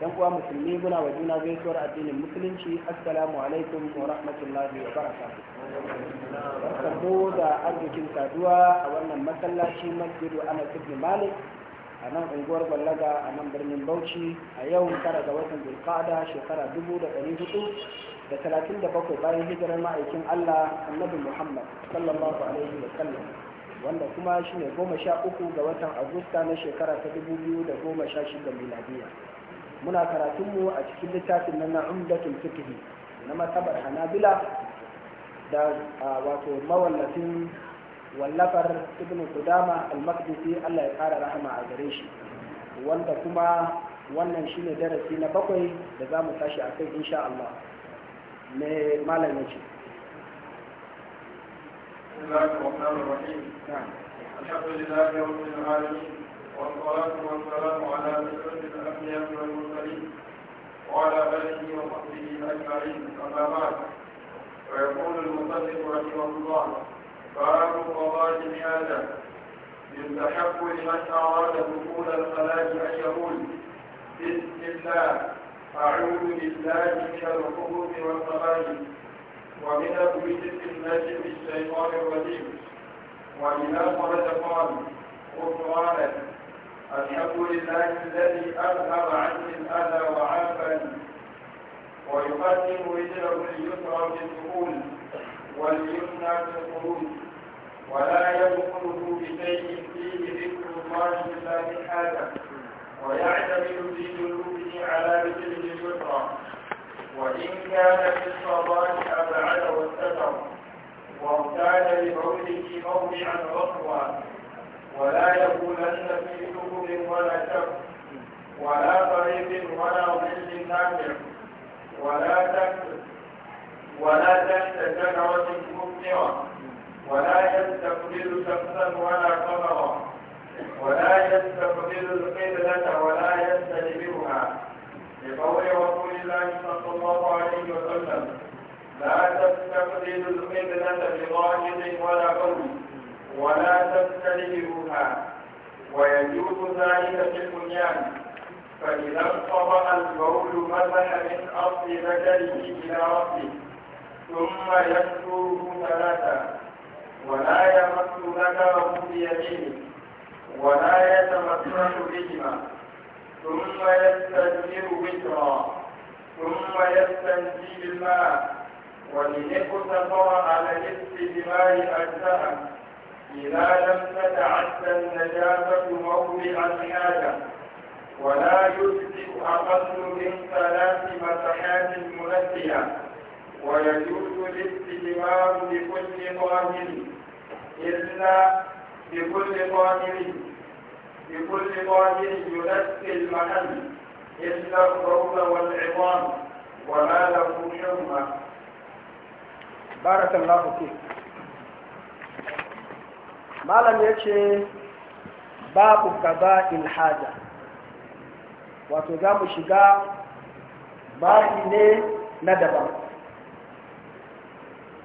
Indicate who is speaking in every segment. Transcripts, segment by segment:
Speaker 1: dan uwa musulmi muna wa juna gaisuwar addinin musulunci assalamu alaikum wa rahmatullahi wa barakatuh da arzikin saduwa a wannan masallaci masjidu ana ibn malik a nan unguwar gwallaga a nan birnin bauchi a yau tara ga watan zulqa'ada shekara dubu da ɗari hudu da talatin da bakwai bayan hijirar ma'aikin allah annabi muhammad sallallahu alaihi wa sallam wanda kuma shine goma sha uku ga watan agusta na shekara ta dubu biyu da goma sha shida miladiya muna karatunmu a cikin littafin nan na umdatul fiqh na matabar hanabila da wato mawallafin wallafar ibn qudama al-maqdisi Allah ya kara rahama a gare shi wanda kuma wannan shine darasi na bakwai da za mu tashi a kai insha Allah me malam ya ce
Speaker 2: بسم الله الرحمن الرحيم الحمد لله رب العالمين والصلاة والسلام على أشرف الأنبياء والمرسلين وعلى آله وصحبه أجمعين أما بعد ويقول المصدق رحمه الله باب فضائل هذا يستحق لمن أراد دخول الخلاء أن يقول بسم الله أعوذ بالله من الخبث والخبائث ومن الوجد النجم الشيطان الرجيم وإذا خرج قال غفرانك الحمد لله الذي أذهب عني الأذى وعافني ويقدم رجله اليسرى في الدخول واليمنى في الخروج ولا يدخله بشيء فيه ذكر الله إلا بالحاجة ويعتمد في جنوبه على رجله اليسرى وإن كان في الصلاة أبعد واستتر وارتاد لبوله موضعا رطوا ولا يكونن في سبل ولا شر ولا طريق ولا ظل نافع ولا تكسر ولا تحت شجرة مبدرة ولا يستقبل شخصا ولا قمرا ولا يستقبل القبلة ولا يستجبرها لقول رسول الله صلى الله عليه وسلم لا تستقبل القبلة بظاهر ولا قول ولا تستلهمها ويجوز ذلك في البنيان فإذا انقضى البول مسح من أصل بدنه إلى ربه ثم يكسره ثلاثا ولا يمس ذكره بيمينه ولا يتمسح بهما ثم يستدبر وترا ثم يستنجي بالماء ولنقص اقتصر على نصف دماء أجزاء إذا لم تتعدى النجاسة موضع الحاجة ولا يجزئ أقل من ثلاث مسحات منزهة ويجوز الاستجمار بكل طاهر إلا بكل طاهر بكل طاهر ينسي المحل إلا الروض والعظام وما له حرمة بارك الله فيك
Speaker 1: malam ya ce babu kaza ilhaja wato za mu shiga babi ne na daban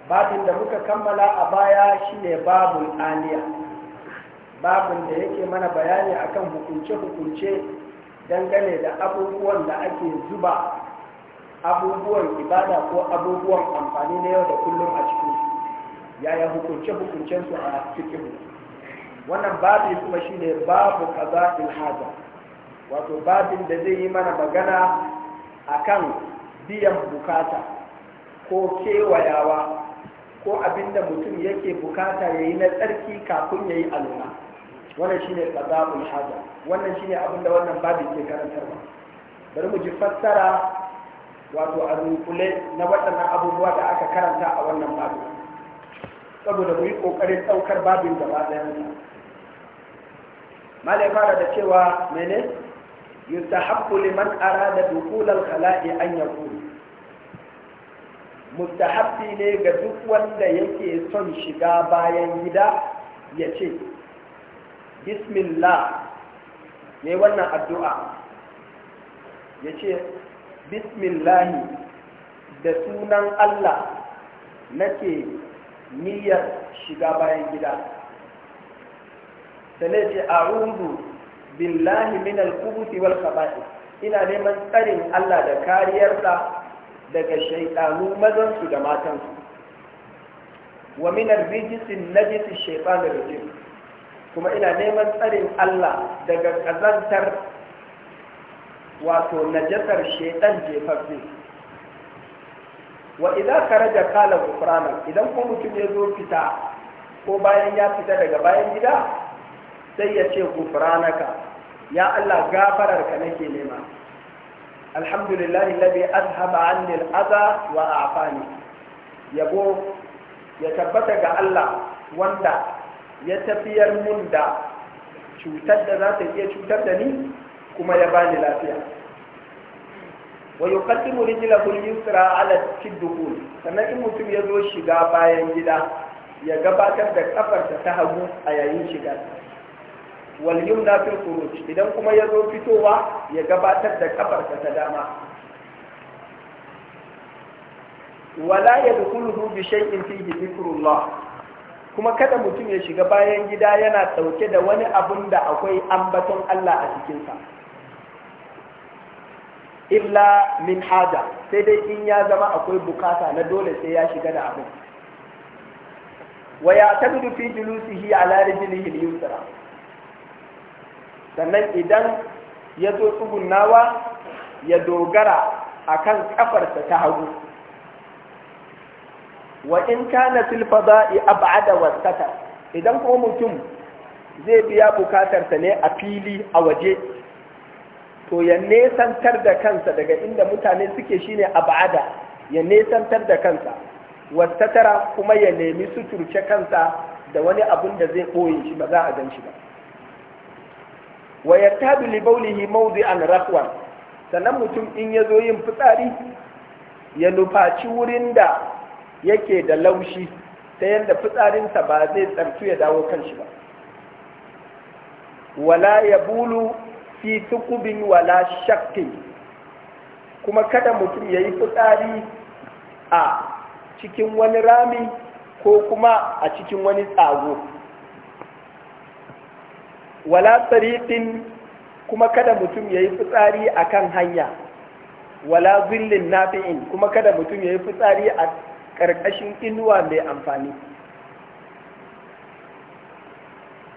Speaker 1: babin da muka kammala a baya shine babu aliya babin da yake mana bayani akan hukunce-hukunce dangane da abubuwan da ake zuba abubuwan ibada ko abubuwan amfani na yau da kullum a cikin yaya hukunce-hukuncensu a cikin wannan babi kuma shine babu qada'il haja wato babin da zai yi mana magana akan biyan bukata ko kewayawa ko abinda mutum yake bukata yayi na tsarki kafin yayi alwala wannan shine qada'ul haja wannan shine abinda wannan babi ke karantarwa bari mu ji fassara wato a rukule na waɗannan abubuwa da aka karanta a wannan babin. saboda mu yi ƙoƙarin ɗaukar babin gaba ɗayan malai fara da cewa mene yustahabbu liman ara da al-khala'i an yaqul mustahabbi ne ga duk wanda yake son shiga bayan gida ya ce bismillah ne wannan addu'a ya ce bismillahi da sunan Allah nake niyyar shiga bayan gida sannan ce a'udhu billahi min al wal ina neman tsarin Allah da kariyarsa daga shaytanu mazan su da matan su wa min ar-rijs an-najis rajim kuma ina neman tsarin Allah daga kazantar wato najasar shaytan jefaffe wa idan karaja kala gufranan idan ko mutum ya zo fita ko bayan ya fita daga bayan gida sai ya ce gufranaka ya Allah gafararka nake nema alhamdulillah alladhi azhaba anni al-adha wa a'fani yabo ya tabbata ga Allah wanda ya tafiyar mun da cutar da za ta iya cutar da ni kuma ya bani lafiya wa yuqaddimu rijlahu al-yusra ala al-dukhul sannan in mutum ya zo shiga bayan gida ya gabatar da kafarsa ta hagu a yayin shiga wal yumna fil khuruj idan kuma ya zo fitowa ya gabatar da kafarsa ta dama wala ya yadkhuluhu bi shay'in fihi dhikrullah kuma kada mutum ya shiga bayan gida yana dauke da wani abun da akwai ambaton Allah a sa illa min haja sai dai in ya zama akwai bukata na dole sai ya shiga da abin wa ya tabidu fi julusihi ala rijlihi al-yusra sannan idan ya zo tsugunnawa ya dogara a kan kafarsa ta hagu wa in kana silfa fada'i ab'ada wasata idan kuma mutum zai biya bukatarsa ne a fili a waje to ya nesantar da kansa daga inda mutane suke shine ab'ada ya nesantar da kansa wasatara kuma ya nemi suturce kansa da wani abun da zai ɓoye shi ba za a gan shi ba wa yattabi li bawlihi an raswan sannan mutum in ya zo yin fitsari ya nufaci wurin da yake da laushi ta yadda fitsarinsa ba zai tsartu ya dawo kan shi ba wala ya bulu fi tukubin wala shakkin kuma kada mutum ya yi fitsari a cikin wani rami ko kuma a cikin wani tsago wala tsarifin kuma kada mutum ya yi fitsari a kan hanya wala zillin nafi'in kuma kada mutum ya yi fitsari a ƙarƙashin inuwa mai amfani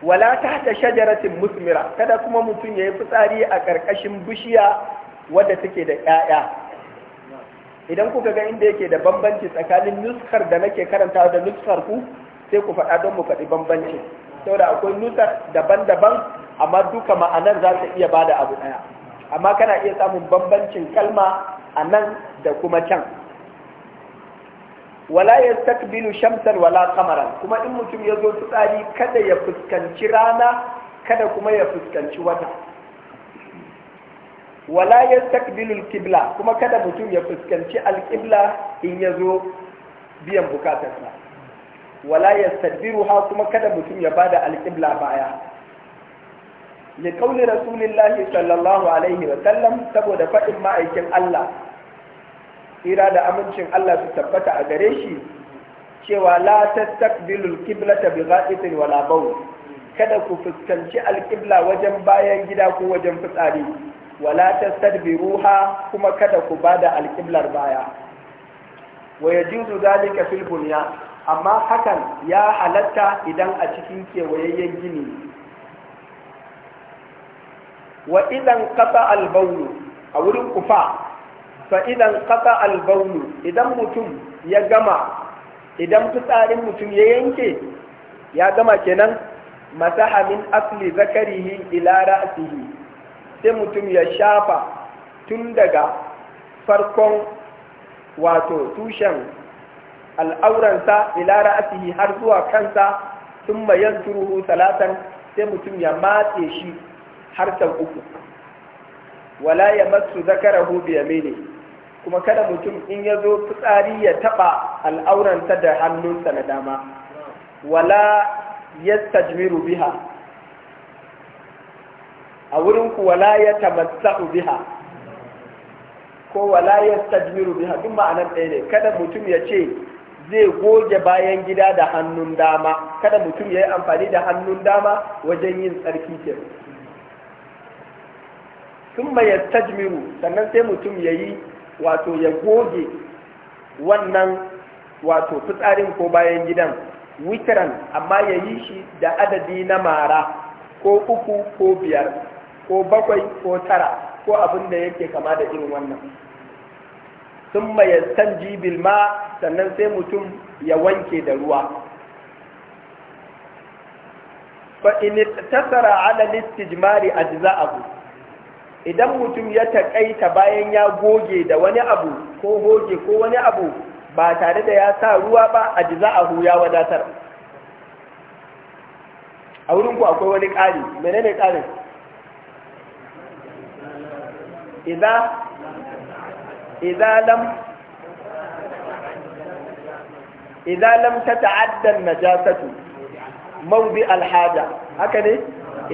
Speaker 1: wala tahta shajaratin musmira kada kuma mutum ya yi fitsari a ƙarƙashin bishiya wadda take da ƴaƴa idan kuka ga inda yake da bambanci tsakanin nuskar da nake karanta da nuskar ku sai ku faɗa don mu faɗi bambanci. saboda akwai nusa daban-daban amma duka ma'anar za ta iya bada abu ɗaya amma kana iya samun bambancin kalma a nan da kuma can wala ya takbilu shamsar wala kamaran kuma in mutum ya zo tsari kada ya fuskanci rana kada kuma ya fuskanci wata wala ya takbilu kibla kuma kada mutum ya fuskanci alkibla in ya zo biyan bukatarsa wala yastadbiruha kuma kada mutum ya bada alƙibla baya li qawli rasulillahi sallallahu alaihi wa sallam saboda faɗin ma'aikin Allah tsira da amincin Allah su tabbata a gare shi cewa la tastaqbilul qiblata bi gha'itin wala bawl kada ku fuskanci alƙibla wajen bayan gida ko wajen fitsari wala tastadbiruha kuma kada ku bada alƙiblar baya wa yajuzu zalika fil bunya amma hakan ya halatta idan a cikin kewayayyen gini wa idan kasa albaunu a wurin kufa fa idan kasa albaunu idan mutum ya gama idan fitsarin mutum ya yanke ya gama kenan masaha min asli zakarihi ila ra'sihi sai mutum ya shafa tun daga farkon wato tushen al'auransa ila ra'asihi har zuwa kansa thumma yansuruhu salatan sai mutum ya matse shi har sau uku wala ya masu zakarahu bi mene kuma kada mutum in ya zo fitsari ya taɓa al'auransa da hannunsa na dama wala ya yastajmiru biha a wurin ku wala ya tamassahu biha ko wala ya yastajmiru biha duk ma'anar ɗaya ne kada mutum ya ce zai goge bayan gida da hannun dama kada mutum ya yi amfani da hannun dama wajen yin tsarki ke sun mai tajmiru sannan sai mutum ya yi wato ya goge wannan wato fitsarin ko bayan gidan witran amma ya yi shi da adadi na mara ko uku ko biyar ko bakwai ko tara ko abin da yake kama da irin wannan sun mayastan jibil ma sannan sai mutum ya wanke da ruwa fa'in tasara ala listijmari a abu idan mutum ya taƙaita bayan ya goge da wani abu ko goge ko wani abu ba tare da ya sa ruwa ba a jiza'ahu ya wadatar a wurinku akwai wani ƙari menene ƙarin idan idza lam idza lam najasatu mawdi alhaja haka ne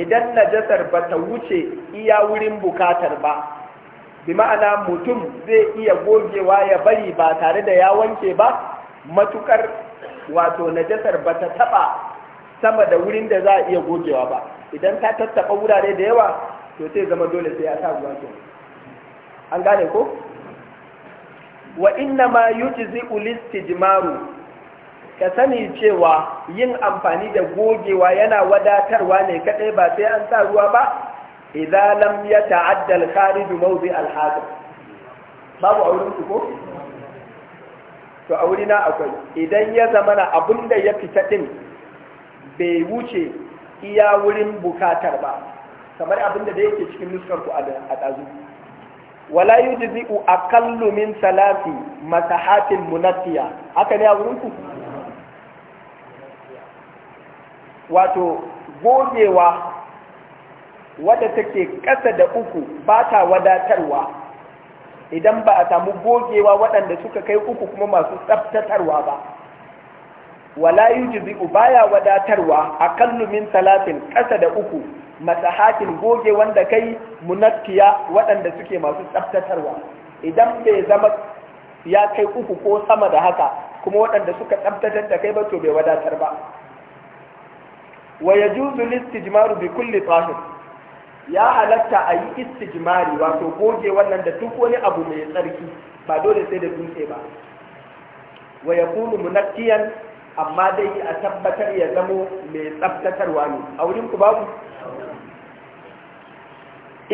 Speaker 1: idan najasar ba ta wuce iya wurin bukatar ba bi ma'ana mutum zai iya gogewa ya bari ba tare da ya wanke ba matukar wato najasar ba ta taba sama da wurin da za a iya gogewa ba idan ta tattaba wurare da yawa to sai zama dole sai ya sa ruwa an gane ko wa inna ma yujzi ulistijmaru ka sani cewa yin amfani da gogewa yana wadatarwa ne kadai ba sai an sa ruwa ba idza lam yata'adda al-kharij mawdi al-hadir babu auren ku ko to aure na akwai idan ya zama na abin ya fita din bai wuce iya wurin bukatar ba kamar abinda da yake cikin nuskar ku a dazu wala yujzi'u aqallu min salati masahatin munatiya haka ne a wurin ku wato gogewa wadda take ƙasa da uku ba ta wadatarwa idan ba a samu gogewa waɗanda suka kai uku kuma masu tsaftatarwa ba wala yujzi'u baya wadatarwa aqallu min talatin kasa da uku masahatin goge wanda kai munakkiya waɗanda suke masu tsaftatarwa idan bai zama ya kai uku ko sama da haka kuma waɗanda suka tsaftatar da kai ba to bai wadatar ba wa yajuzu listijmaru bi kulli tahir ya halatta a yi istijmari wato goge wannan da duk wani abu mai tsarki ba dole sai da dutse ba wa yakunu munakkiyan amma dai a tabbatar ya zamo mai tsabtatarwa. ne a wurin ku babu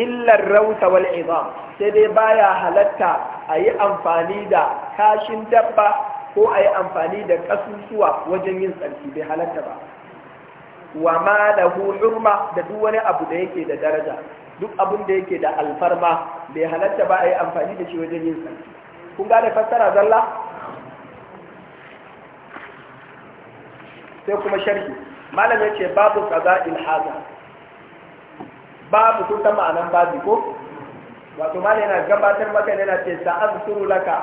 Speaker 1: illar rauta wal izam sai dai baya halatta a yi amfani da kashin dabba ko a yi amfani da ƙasusuwa wajen yin tsarki bai halatta ba wa ma da hurma da duk wani abu da yake da daraja duk abin da yake da alfarma bai halatta ba a yi amfani da shi wajen yin tsarki kun gane fassara zalla sai kuma sharhi malam ya ce babu kaza ilhaza babu sun ta ma'anan babu ko wato malam yana gabatar maka yana ce sa'azkuru laka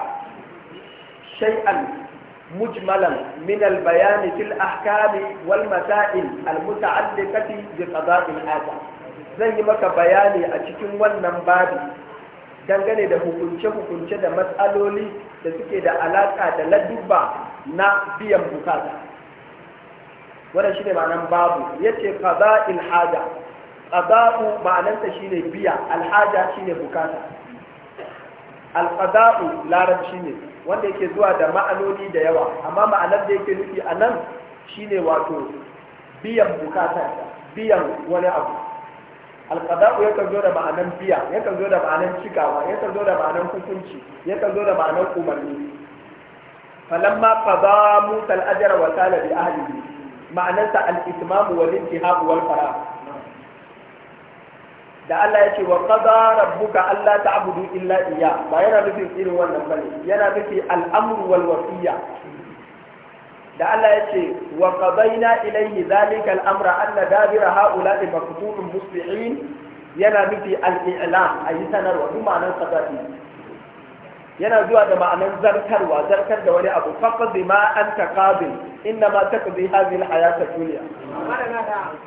Speaker 1: shay'an مجملا من البيان في الأحكام والمسائل المتعلقة بقضاء الحاجة zan yi maka bayani a cikin wannan babi dangane da hukunce-hukunce da matsaloli da suke da alaƙa da ladubba na biyan bukata wannan shine ma'anan babu Ya ce, yace qada'il haja qada'u ma'anarsa shine biya alhaja shine bukata alqada'u larabci ne wanda yake zuwa da ma'anoni da yawa amma ma'anar da yake nufi a nan shine wato biyan bukata biyan wani abu ya yakan zo da ma'anan biya Ya yakan zo da ma'anan cikawa yakan zo da ma'anan hukunci yakan zo da ma'anan umarni falamma qada musa al-ajra wa sala bi ahlihi ma'anarsa al-itmam wal intihab fara. da Allah ya ce wa qada rabbuka alla ta'budu illa iya ba yana nufin irin wannan bane yana nufin al'amru amru wal wasiya da Allah ya ce wa qadaina ilayhi zalika al-amra anna dabira ha'ula'i maqtulun muslimin yana nufin al-i'lam ayi sanarwa kuma nan sadaqi yana zuwa da ma'anan zartarwa zartar da wani abu faqdi ma anta qabil inna ma taqdi hadhihi alhayata dunya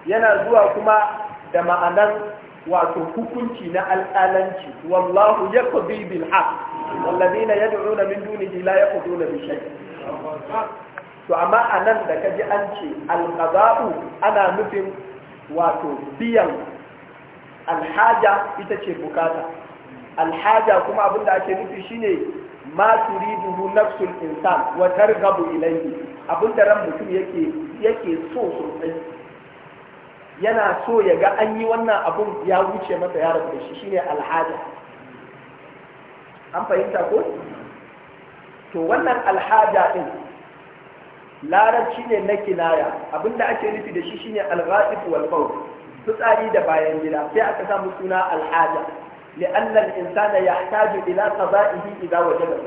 Speaker 1: yana zuwa kuma da ma'anan wato hukunci na alƙalanci wallahu yaqdi bil haqq walladhina yad'una min dunihi la yaqduna bi shay to amma anan da kaji an ce alqada'u ana nufin wato biyan alhaja ita ce bukata alhaja kuma abin da ake nufi shine ma turiduhu nafsul insan wa targhabu ilayhi abin da ran mutum yake yake so sosai yana so ya ga an yi wannan abun ya wuce masa ya rabu da shi shine alhaja an fahimta ko to wannan alhaja din larabci ne na kinaya abinda ake nufi da shi shine alghaib wal bawl fitsari da bayan gida sai aka samu suna alhaja لأن الإنسان يحتاج إلى قضائه إذا وجده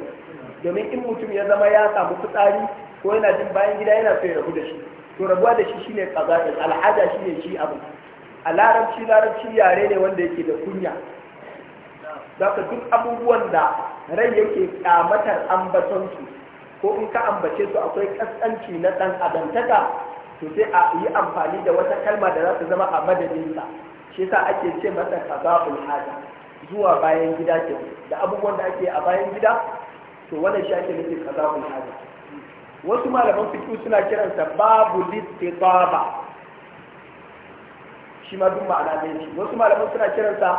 Speaker 1: domin in mutum ya zama ya samu fitsari ko yana jin bayan gida yana so rabu da shi to rabuwa da shi shine qaza'in al'ada shine shi abu a larabci larabci yare ne wanda yake da kunya ka duk abubuwan da rai yake kamatar ambaton su ko in ka ambace su akwai kaskanci na dan adantaka to sai a yi amfani da wata kalma da za ta zama a madadinsa shi yasa ake ce masa ul haja zuwa bayan gida ke da abubuwan da ake a bayan gida to wannan shi ake nufi qada'ul haja wasu malaman fiqh suna kiransa babu litibaba shi ma duk ma'ana ne shi wasu malaman suna kiransa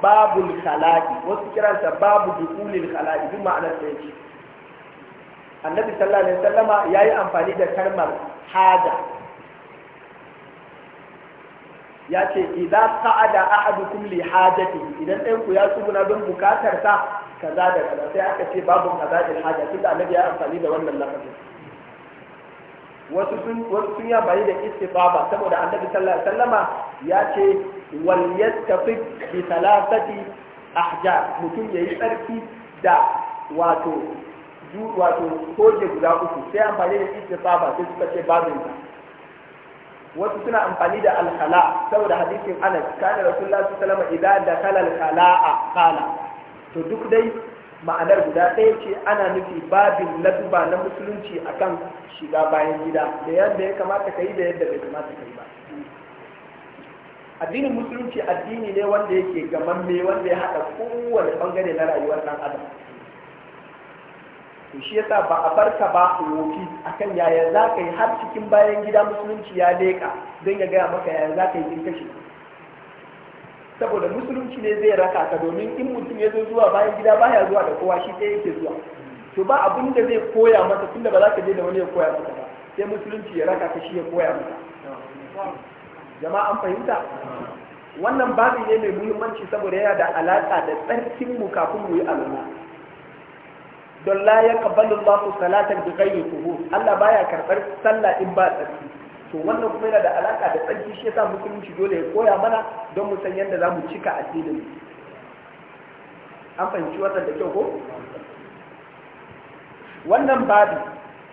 Speaker 1: babul khala'i wasu kiransa babu dukulil khala'i duk ma'ana da shi annabi sallallahu alaihi wasallama yayi amfani da kalmar haja ya ce idza sa'ada ahadukum li hajati idan ɗan ku ya tsuguna don bukatar sa kaza da kaza sai aka ce babu kaza da haja da annabi ya amfani da wannan lafazin wasu sun wasu sun ya bayi da istifaba saboda annabi sallallahu alaihi wasallama ya ce wal yattafi bi thalathati ahjar mutum yayi tsarki da wato wato koje guda uku sai amfani da istifaba sai suka ce babu wasu suna amfani da alkala saboda hadisin anas kana rasulullahi sallallahu alaihi wasallam idan dakala a kala to duk dai ma'anar guda ɗaya ce ana nufi babin laduba na musulunci akan shiga bayan gida da yadda ya kamata ka yi da yadda bai kamata ka yi ba addinin musulunci addini ne wanda yake gamamme wanda ya haɗa kowane bangare na rayuwar ɗan adam to shi yasa ba a barka ba wofi akan yaya za ka yi har cikin bayan gida musulunci ya leƙa don ya gaya maka yaya za ka yi in kashe saboda musulunci ne zai raka ka domin in mutum ya zo zuwa bayan gida baya zuwa da kowa shi ɗaya yake zuwa to ba abin da zai koya masa tunda ba za ka je da wani ya koya maka ba sai musulunci ya raka ka shi ya koya maka jama'a an fahimta wannan babi ne mai muhimmanci saboda yana da alaƙa da tsarkin mu kafin mu yi alama don la ya kabbalu Allahu salatan da ghayri kuhu Allah baya karɓar sallah in ba tsarki to wannan kuma yana da alaka da tsarki shi yasa musulunci dole ya koya mana don mu san yadda zamu cika addinin an fahimci wannan da kyau ko wannan babu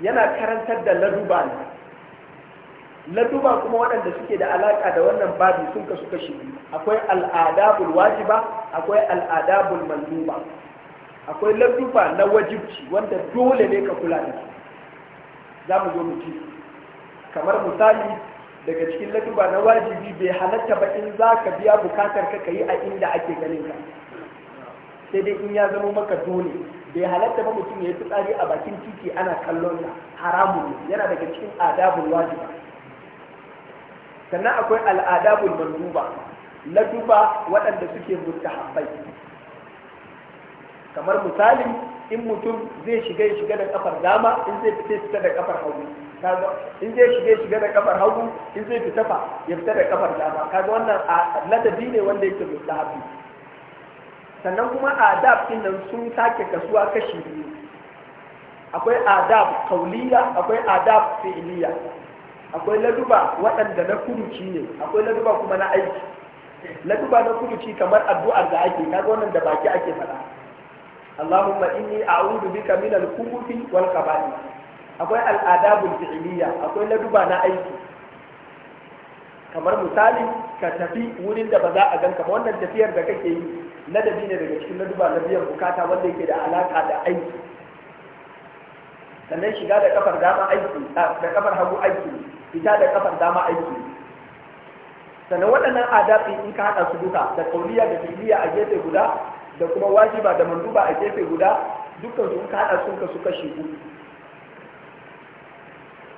Speaker 1: yana karantar da laduba ne laduba kuma waɗanda suke da alaka da wannan babu sun kasu kashi akwai al'adabul wajiba akwai al'adabul manduba akwai lardufa na wajibci wanda dole ne ka kula da su za mu zo mu ci kamar misali daga cikin lardufa na wajibi bai halatta ba in za ka biya bukatar ka ka yi a inda ake ganin ka sai dai in ya zama maka dole bai halatta ba mutum ya yi fitsari a bakin titi ana kallon na haramun ne yana daga cikin adabul wajiba sannan akwai al'adabul manduba laddufa waɗanda suke mustahabbai kamar misali in mutum zai shiga ya shiga da kafar dama in zai fita fita da kafar hagu kaga in zai shiga ya shiga da kafar hagu in zai fita fa ya fita da kafar dama kaga wannan a ladabi ne wanda yake mustahabi sannan kuma adab din nan sun sake kasuwa kashi biyu akwai adab kauliya akwai adab fi'iliya akwai laduba waɗanda na kuruci ne akwai laduba kuma na aiki laduba na kuruci kamar addu'ar da ake kaga wannan da baki ake faɗa Allahumma inni a bika min al-khubuthi wal akwai al'adabul fi'liya akwai laduba na aiki kamar misali ka tafi wurin da ba za a ganka ba wannan tafiyar da kake yi dabi ne daga cikin laduba na biyan bukata wanda yake da alaka da aiki sannan shiga da kafar dama aiki da kafar hagu aiki fita da kafar dama aiki sannan waɗannan adabi in ka haɗa su duka da kauliya da fi'liya a gefe guda da kuma wajiba da manduba a gefe guda dukkan su kada sun kasu kashi uku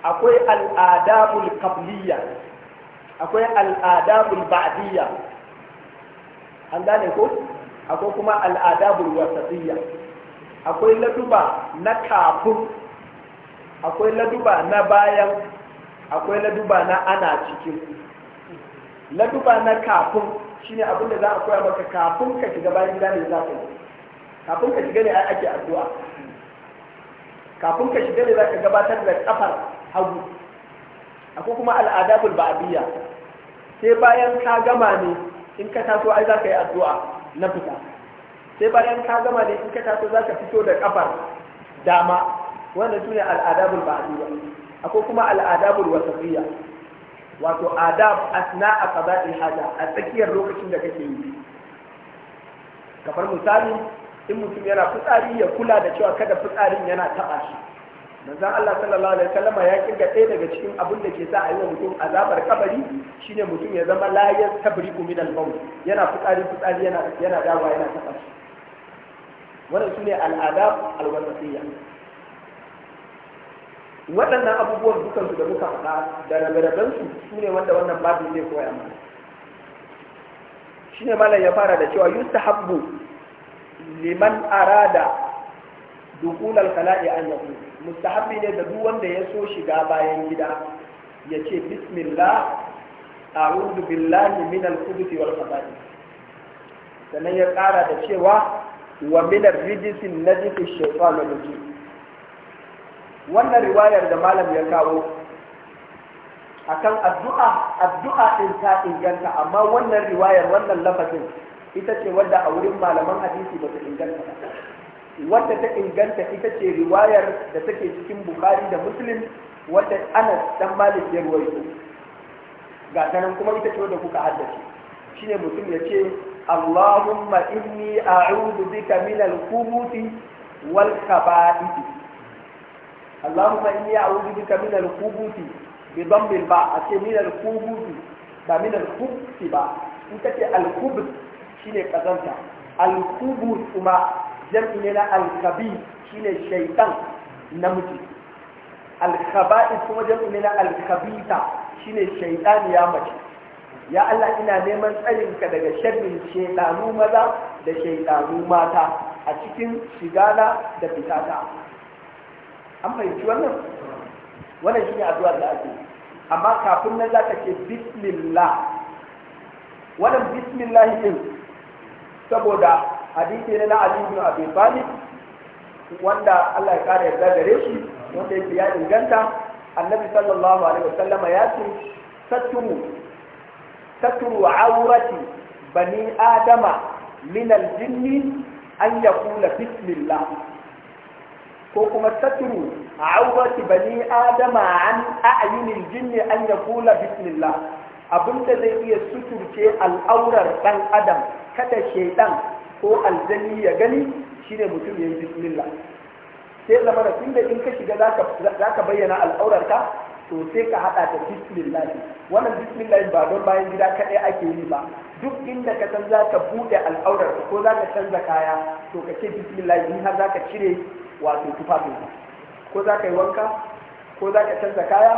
Speaker 1: akwai al'adabul qabliyya akwai al'adabul ba'diyya an gane ko akwai kuma al'adabul wasatiyya akwai laduba na kafin akwai laduba na bayan akwai laduba na ana cikin laduba na kafin shine abin da za a koya maka kafin ka shiga bayan gida ne za ka yi kafin ka shiga ne ai ake addu'a kafin ka shiga ne za ka gabatar da kafar hagu akwai kuma al'adabul ba'abiyya sai bayan ka gama ne in ka taso ai za ka yi addu'a na fita sai bayan ka gama ne in ka taso za ka fito da kafar dama wanda su ne al'adabul ba'abiyya akwai kuma al'adabul wasafiyya wato adab asna a kaza'in haja a tsakiyar lokacin da kake yi kamar misali in mutum yana fitsari ya kula da cewa kada fitsarin yana taɓa shi manzon Allah sallallahu alaihi wasallam ya kirga ɗaya daga cikin abin da ke sa a yi wa mutum azabar kabari shine mutum ya zama la yastabriku min al yana fitsari fitsari yana yana dawa yana taɓa shi wannan sune al-adab al-wasatiyya waɗannan abubuwan dukansu da muka faɗa da rabe-rabensu su ne wanda wannan babu zai koya mana shi ne malam ya fara da cewa Habbu liman arada dukulal khala'i an yaqul mustahabbi ne da duk wanda ya so shiga bayan gida ya ce bismillah a'udhu billahi min khubuthi wal khaba'ith sannan ya ƙara da cewa wa minar rijisin najisi shaitan rajim wannan riwayar da malam ya kawo akan addu'a addu'a din ta inganta amma wannan riwayar wannan lafazin ita ce wadda a wurin malaman hadisi ba ta inganta ba wadda ta inganta ita ce riwayar da take cikin bukhari da muslim wadda anas dan malik ya ruwaito ga ta kuma ita ce wadda kuka haddace shine mutum ya ce allahumma inni a'udhu bika min al-khubuthi wal Allahumma inni a'udhu bika min al-khubuthi bi dhammil ba ce min al-khubuthi ba min al-khubuthi ba in kace al-khubuth shine kazanta al-khubuth kuma jam'i ne na al-khabith shine shaytan namiji al-khaba'ith kuma jam'i ne na al-khabitha shine shaytan ya mace ya Allah ina neman tsarinka daga sharrin shaytanu maza da shaytanu mata a cikin shigana da fitata an fahimci wannan wannan shi ne addu'ar da ake amma kafin nan zaka ce bismillah wannan bismillah din saboda hadisi ne na Ali ibn Abi Talib wanda Allah ya kare yarda gare shi wanda yake ya inganta annabi sallallahu alaihi wasallama ya ce saturu saturu aurati bani adama min aljinni an yaqula bismillah ko kuma a awrati bani adama an a'yunil jinni an yaqula bismillah abinda zai iya suturce al'aurar dan adam kada shaidan ko aljani ya gani shine mutum ya yi bismillah sai zama da tunda in ka shiga zaka bayyana al'aurarka to sai ka hada da bismillah wannan bismillah ba don bayan gida kadai ake yi ba duk inda ka san ka buɗe al'aurar ko zaka canza kaya to ka ce bismillah in har zaka cire wato tufafin ko za ka yi wanka ko za ka canza kaya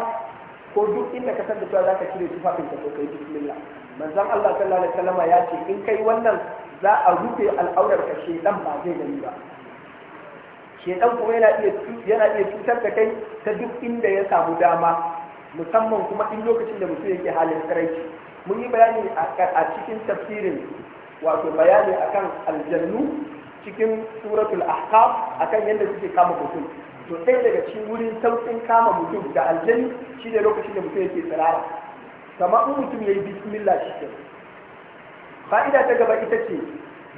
Speaker 1: ko duk inda ka san da cewa za ka cire ka to kai bismillah manzon Allah sallallahu alaihi wasallam ya ce in kai wannan za a rufe al'aurar ka dan ba zai gani ba dan kuma yana iya yana iya cutar da kai ta duk inda ya samu dama musamman kuma in lokacin da mutum yake halin karaici mun yi bayani a cikin tafsirin wato bayani akan aljannu cikin suratul ahqaf akan yadda suke kama mutum to sai daga cikin wurin saukin kama mutum da aljani shine lokacin da mutum yake tsirara kama in mutum yayi bismillah shi ke fa'ida ta gaba ita ce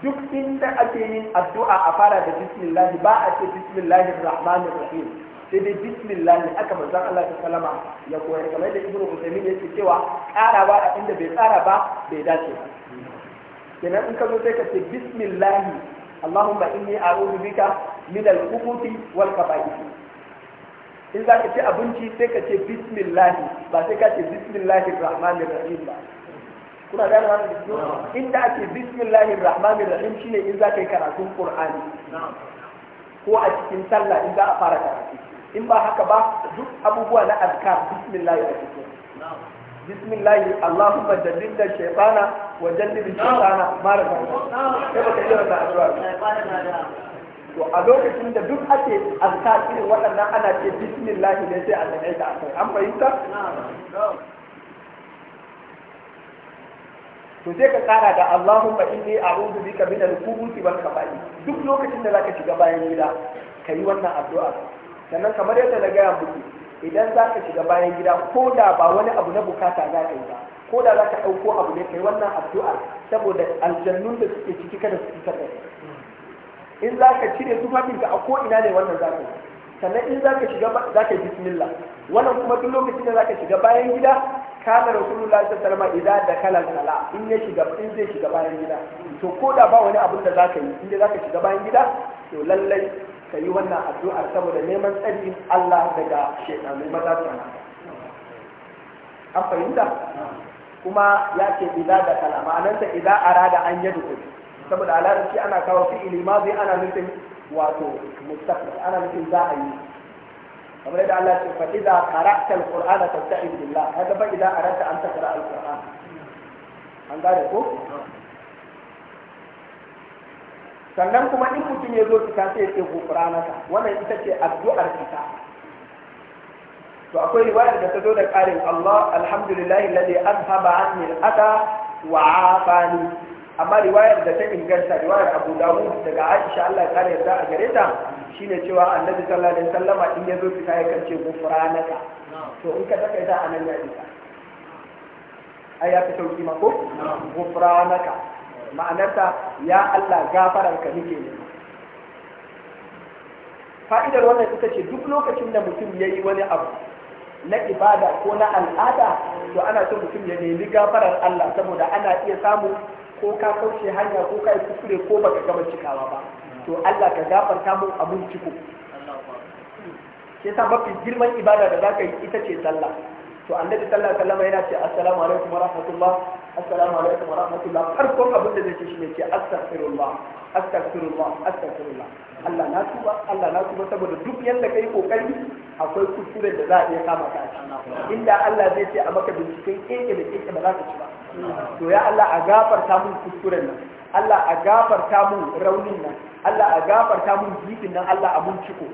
Speaker 1: duk inda ake yin addu'a a fara da bismillah ba a ce bismillahir rahmanir rahim sai dai bismillah ne aka manzon Allah ta salama ya koyar kamar da ibnu usaimin yake cewa karawa a inda bai tsara ba bai dace ba kenan in ka zo sai ka ce bismillah Allahumma inni a'udhu bika min al-khubuthi wal khaba'ith in za ka ci abinci sai ka ce bismillah ba sai ka ce bismillahir rahmanir rahim ba kuna gane wannan da inda ake bismillahir rahmanir rahim shine in za ka yi karatun Kur'ani. ko a cikin salla in za a fara karatu in ba haka ba duk abubuwa na azkar bismillah بسم الله اللهم جنبنا الشيطان وجنب الشيطان ما رزقنا كيف تقدر تعذر to a lokacin da duk ake azkar irin waɗannan ana ce bismillah ne sai a an fahimta to sai ka kara da Allahumma inni ka bika min al-khubuthi wal khaba'i duk lokacin da zaka shiga bayan gida kayi wannan addu'a sannan kamar yadda na gaya muku idan za ka shiga bayan gida ko da ba wani abu na bukata za ka yi ba ko da za ka ɗauko abu ne kai wannan addu'a saboda aljannun da suke ciki kada su fitar da in za ka cire ka a ko ina ne wannan za ka yi sannan in za ka shiga za ka yi bismillah wannan kuma duk lokacin da za ka shiga bayan gida kana rasulullah sallallahu alaihi idan da kala sala in ya shiga in zai shiga bayan gida to ko da ba wani abu da za ka yi in za ka shiga bayan gida to lallai ka yi wannan addu'a saboda neman tsarin Allah daga shekaru maza su an fahimta kuma ya ce idza da kalama ananta idza arada an yadkhul saboda alarci ana kawo fi ma zai ana nufin wato mustafa ana nufin za a yi kamar yadda Allah ce fa idza qara'ta al-qur'ana fasta'id billah hada ba idza arata an taqra al-qur'an an gane ko sannan kuma in mutum ya zo fita sai ya ce gofura masa wannan ita ce addu'ar fita to akwai riwayar da ta zo da karin Allah alhamdulillah alladhi azhaba anni al-adha wa afani amma riwayar da ta inganta riwayar Abu Dawud daga Aisha Allah ya kare yarda a gare ta shine cewa Annabi sallallahu alaihi wasallama in ya zo fita ya kace gofranaka to in ka saka ita anan ya isa ai ya fi sauki mako ma'anarta ya Allah gafararka nike ne fa'idar wannan ita ce duk lokacin da mutum ya yi wani abu na ibada ko na al'ada to ana so mutum ya nemi gafarar Allah saboda ana iya samu ko ka kauce hanya ko ka yi kuskure ko baka gama cikawa ba to Allah ka gafarta mu abun ciko ke sa mafi girman ibada da za ka yi ita ce sallah to annabi sallallahu alaihi wasallam yana ce assalamu alaikum wa rahmatullah assalamu alaikum wa rahmatullah farkon abin da zai ce shine ce astaghfirullah astaghfirullah astaghfirullah Allah na tuba Allah na tuba saboda duk yanda kai kokari akwai kuskure da za a iya kama ka a ciki inda Allah zai ce a maka binciken keke da keke ba za ka ci ba to ya Allah a gafarta mun kuskuren nan Allah a gafarta mun raunin nan Allah a gafarta mun gifin nan Allah a mun ciko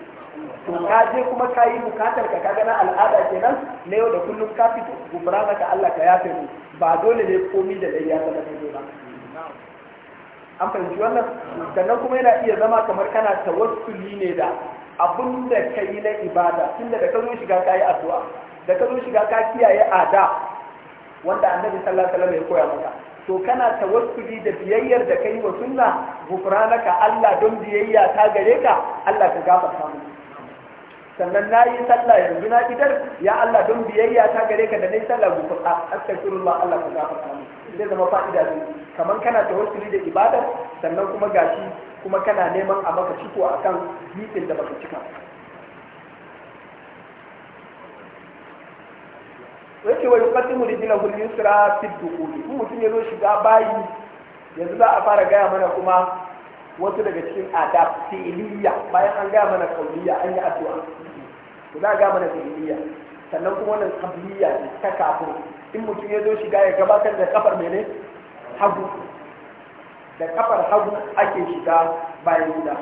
Speaker 1: to ka je kuma ka yi bukatar ka ka na al'ada kenan na yau da kullum ka fito gumrana ka Allah ka yafe mu ba dole ne komi da dai ya zama ba an fahimci wannan sannan kuma yana iya zama kamar kana tawassuli ne da abin da ka yi na ibada tunda da ka zo shiga ka yi addu'a da ka zo shiga ka kiyaye ada wanda annabi sallallahu alaihi wasallam ya koya maka to kana tawassuli da biyayyar da kai wa sunna gufranaka Allah don biyayya ta gare ka Allah ka gafarta mu sannan na yi sallah yanzu na idar ya Allah don biyayya ta gare ka da nayi sallah gufra astaghfirullah Allah ka gafarta mu zai zama fa'ida ne kamar kana tawassuli da ibadar sannan kuma gashi kuma kana neman a maka ciko akan mitin da baka cika yake wa yuqaddimu rijlahu al-yusra fi dukhul in mutum ya zo shiga bayi yanzu za a fara gaya mana kuma wasu daga cikin adab fi'liya bayan an gaya mana kauliya an yi addu'a to za a gaya mana fi'liya sannan kuma wannan qabliya ne ta kafin in mutum ya zo shiga ya gabatar da kafar mene hagu da kafar hagu ake shiga bayan gida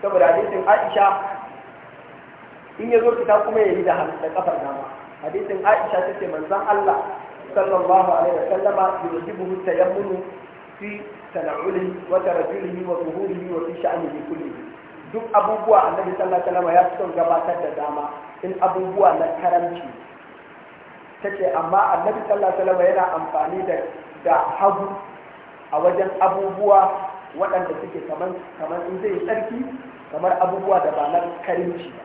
Speaker 1: saboda hadisin Aisha in ya zo fita kuma ya yi da kafar dama hadisin aisha ta ce manzon allah sallallahu alaihi wasallama yujibuhu tayammunu fi tana'ulihi wa tarajulihi wa zuhurihi wa fi sha'nihi kulli duk abubuwa annabi sallallahu alaihi wasallama ya fi son gabatar da dama in abubuwa na karamci take amma annabi sallallahu alaihi wasallama yana amfani da da hagu a wajen abubuwa waɗanda suke kaman in zai tsarki kamar abubuwa da ba na karimci ba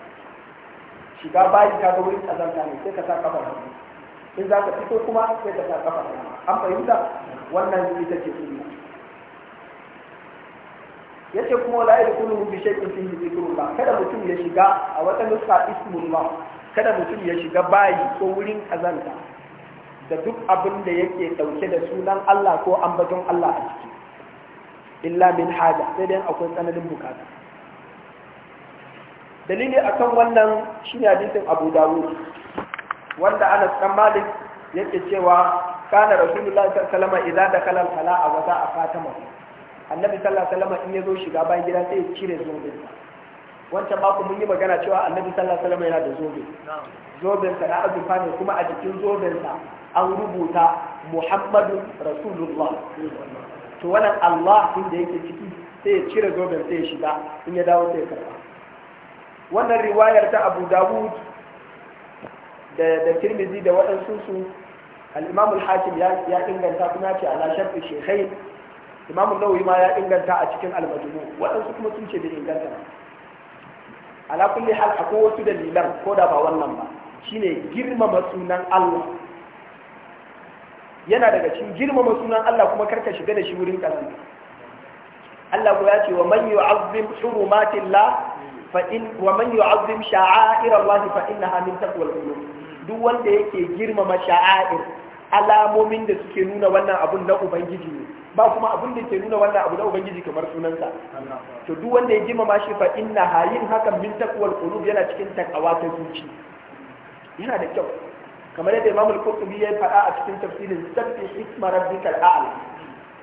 Speaker 1: shiga bayi ka ga wurin kazanta ne sai ka sa kafar hannu in za ka fito kuma sai ka sa kafar hannu an fahimta wannan ita ce sunna yace kuma la yadkhulu bi shay'in fihi ba, kada mutum ya shiga a wata nuska ismullah kada mutum ya shiga bayi ko wurin kazanta da duk abin da yake dauke da sunan Allah ko ambaton Allah a ciki illa min haja sai dai akwai tsananin bukata dalili akan wannan shi ne hadisin Abu Dawud wanda Anas dan Malik yake cewa kana Rasulullahi sallallahu alaihi wasallam idan dakala al a wata a fatama Annabi sallallahu alaihi wasallam in yazo shiga bayan gida sai ya cire zobe wancan mako mun yi magana cewa Annabi sallallahu alaihi wasallam yana da zobe zoben sa na azurfa ne kuma a jikin zoben sa an rubuta Muhammadu Rasulullah to wannan Allah inda yake ciki sai ya cire zoben sai ya shiga in ya dawo sai ya karba wannan riwayar ta abu dawud da Kirmizi da waɗansu su Al'imamul hakim ya inganta kuma ce ala shafi shekai imamu nawawi ma ya inganta a cikin almajmu waɗansu kuma sun ce bai inganta ba ala kulli hal akwai wasu dalilan ko da ba wannan ba shine girmama sunan Allah yana daga cikin girmama sunan Allah kuma karka shiga da shi wurin kasu Allah ko ya ce wa man yu'azzim hurumatillah fa'in wa man yu'azzim sha'air Allah fa innaha min taqwal qulub duk wanda yake girmama sha'air alamomin da suke nuna wannan abun na ubangiji ne ba kuma abun da ke nuna wannan abu na ubangiji kamar sunansa to duk wanda ya girmama shi fa innaha yin hakan min taqwal qulub yana cikin takawa ta zuci yana da kyau kamar yadda Imam al-Qurtubi ya faɗa a cikin tafsirin sabbi isma rabbikal a'la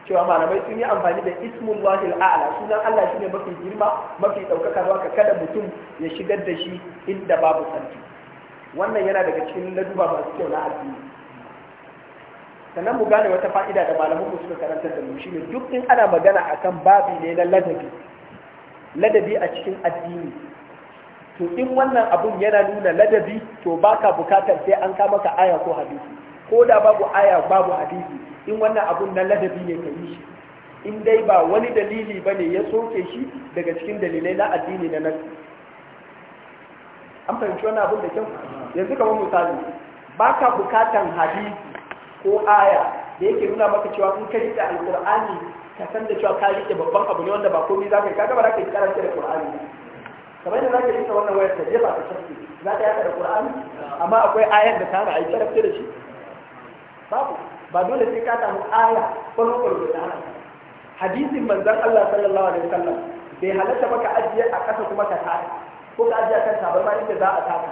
Speaker 1: cewa malamai sun yi amfani da ismun wahil a'la sunan Allah shine mafi girma mafi ɗaukaka ka kada mutum ya shigar da shi inda babu sarki wannan yana daga cikin laduba masu kyau na addini sannan mu gane wata fa'ida da malaman mu suka karanta da mu shine duk in ana magana akan babi ne na ladabi ladabi a cikin addini to in wannan abun yana nuna ladabi to baka bukatar sai an kama ka aya ko hadisi ko da babu aya babu hadisi in wannan abun na ladabi ne ka yi shi in dai ba wani dalili ba ne ya soke shi daga cikin dalilai na addini na nan an fahimci wannan abun da kyau yanzu kamar misali ba ka bukatan hadisi ko aya da yake nuna maka cewa in ka da alkur'ani ka san da cewa ka rike babban abu ne wanda ba komai za ka yi kaga ba za ka yi karanta da ƙur'ani? kamar yadda za ka ta wannan wayar ta jefa ta sarki za ka yi da ƙur'ani? amma akwai ayar da ta hana a yi karanta da shi babu ba dole sai ka samu aya ko lokacin da hana hadisin manzon Allah sallallahu alaihi wasallam bai halatta maka ajiya a ƙasa kuma ka taka ko ka ajiya kan ba inda za a taka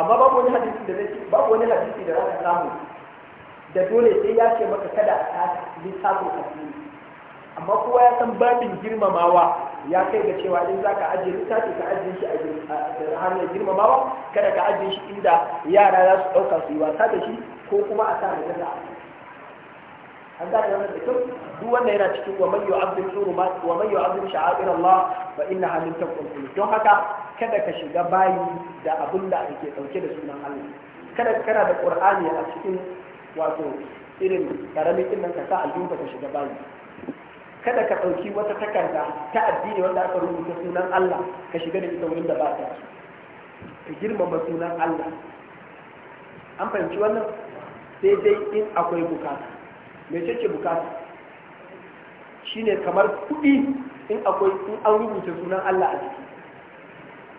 Speaker 1: amma babu wani hadisi da zai babu wani hadisi da za ka samu da dole sai ya ce maka kada a taka lissafin addini amma kowa ya san babin girmamawa ya kai ga cewa in za ka ajiye littafi ka ajiye shi a hanyar girmamawa kada ka ajiye shi inda yara za su ɗauka su yi wasa da shi ko kuma a sa da an gane wannan da kyau duk wanda yana cikin wa man yu'azzim shurumat wa man yu'azzim sha'air Allah fa innaha min taqwal qulub don haka kada ka shiga bayi da abin da ake dauke da sunan Allah kada kana da Qur'ani a cikin wato irin karamin din nan ka sa aljihunka ka shiga bayi kada ka dauki wata takarda ta addini wanda aka rubuta sunan Allah ka shiga da ita wurin da ba ta ka girmama sunan Allah an fahimci wannan sai dai in akwai bukata mai cece bukata ne kamar kuɗi in akwai in an rubuta sunan Allah a jiki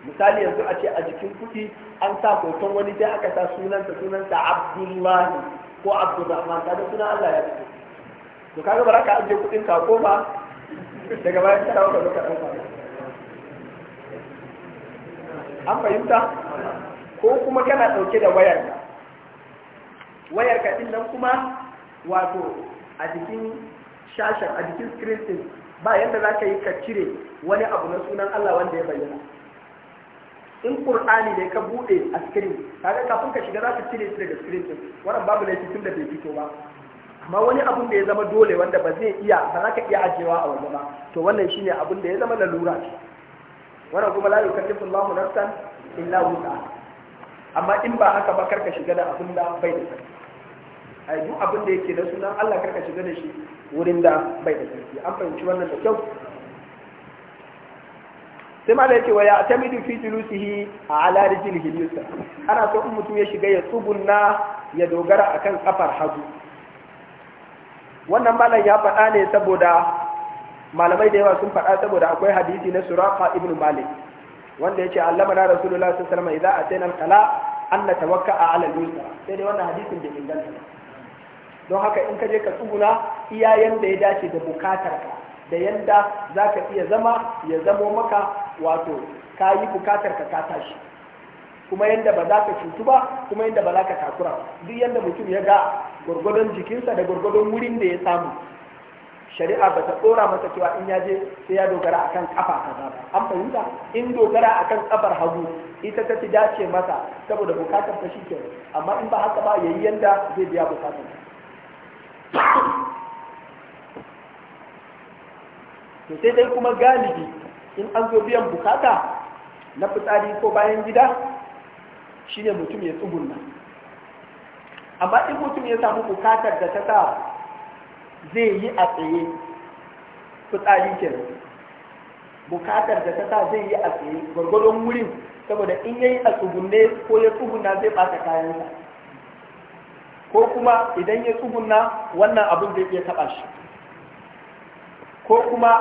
Speaker 1: misali yanzu a ce a jikin kuɗi an sa hoton wani sai aka sa sunanta sunanta Abdullahi ko Abdulrahman kaga sunan Allah ya fito to kaga ba ka ajiye kuɗin ka ko ba daga bayan ka dawo ka zo ka an fahimta ko kuma kana dauke da wayarka wayarka ɗin nan kuma wato a jikin shashen a jikin screen ba yadda za ka yi ka cire wani abu na sunan Allah wanda ya bayyana in qur'ani ne ka bude a screen kaga kafin ka shiga za ka cire su daga screen din wannan babu laifi tun da bai fito ba amma wani abun da ya zama dole wanda ba zai iya ba za ka iya ajewa a waje ba to wannan shine abun da ya zama lalura wannan kuma la yukallifu Allahu illa wusa amma in ba haka ba karka shiga da abun da bai da sarki. ai duk abin da yake da sunan Allah karka shiga da shi wurin da bai da sarki an fahimci wannan da kyau sai ma yake waya ta midi fi julusihi ala rijlihi yusra ana so in mutum ya shiga ya tsugunna ya dogara akan kafar hagu wannan malam ya faɗa ne saboda malamai da yawa sun faɗa saboda akwai hadisi na suraka Ibn malik wanda yace allamana rasulullahi sallallahu alaihi wasallam idza atayna al-qala an natawakka ala al-yusra sai dai wannan hadisin da inganta don haka in ka je ka tsuguna iya yanda ya dace da bukatar ka da yanda za ka iya zama ya zamo maka wato ka yi bukatar ka ka tashi kuma yanda ba za ka cutu ba kuma yanda ba za ka takura duk yanda mutum ya ga gwargwadon jikinsa da gwargwadon wurin da ya samu shari'a ba ta tsora masa cewa in ya je sai ya dogara akan kafa kaza ba an fahimta in dogara akan kafar hagu ita ta fi dace masa saboda bukatar ta shi amma in ba haka ba yayi yanda zai biya bukatar to sai dai kuma galibi in an zo biyan bukata na fitsari ko bayan gida shine mutum ya tsugunna amma in mutum ya samu bukatar da ta sa zai yi a tsaye fitsari nan, bukatar da ta sa zai yi a tsaye gwargwadon wurin saboda in yayi a tsugunne ko ya tsugunna, zai ɓata kayansa ko kuma idan ya tsugunna wannan abin zai ya taba shi ko kuma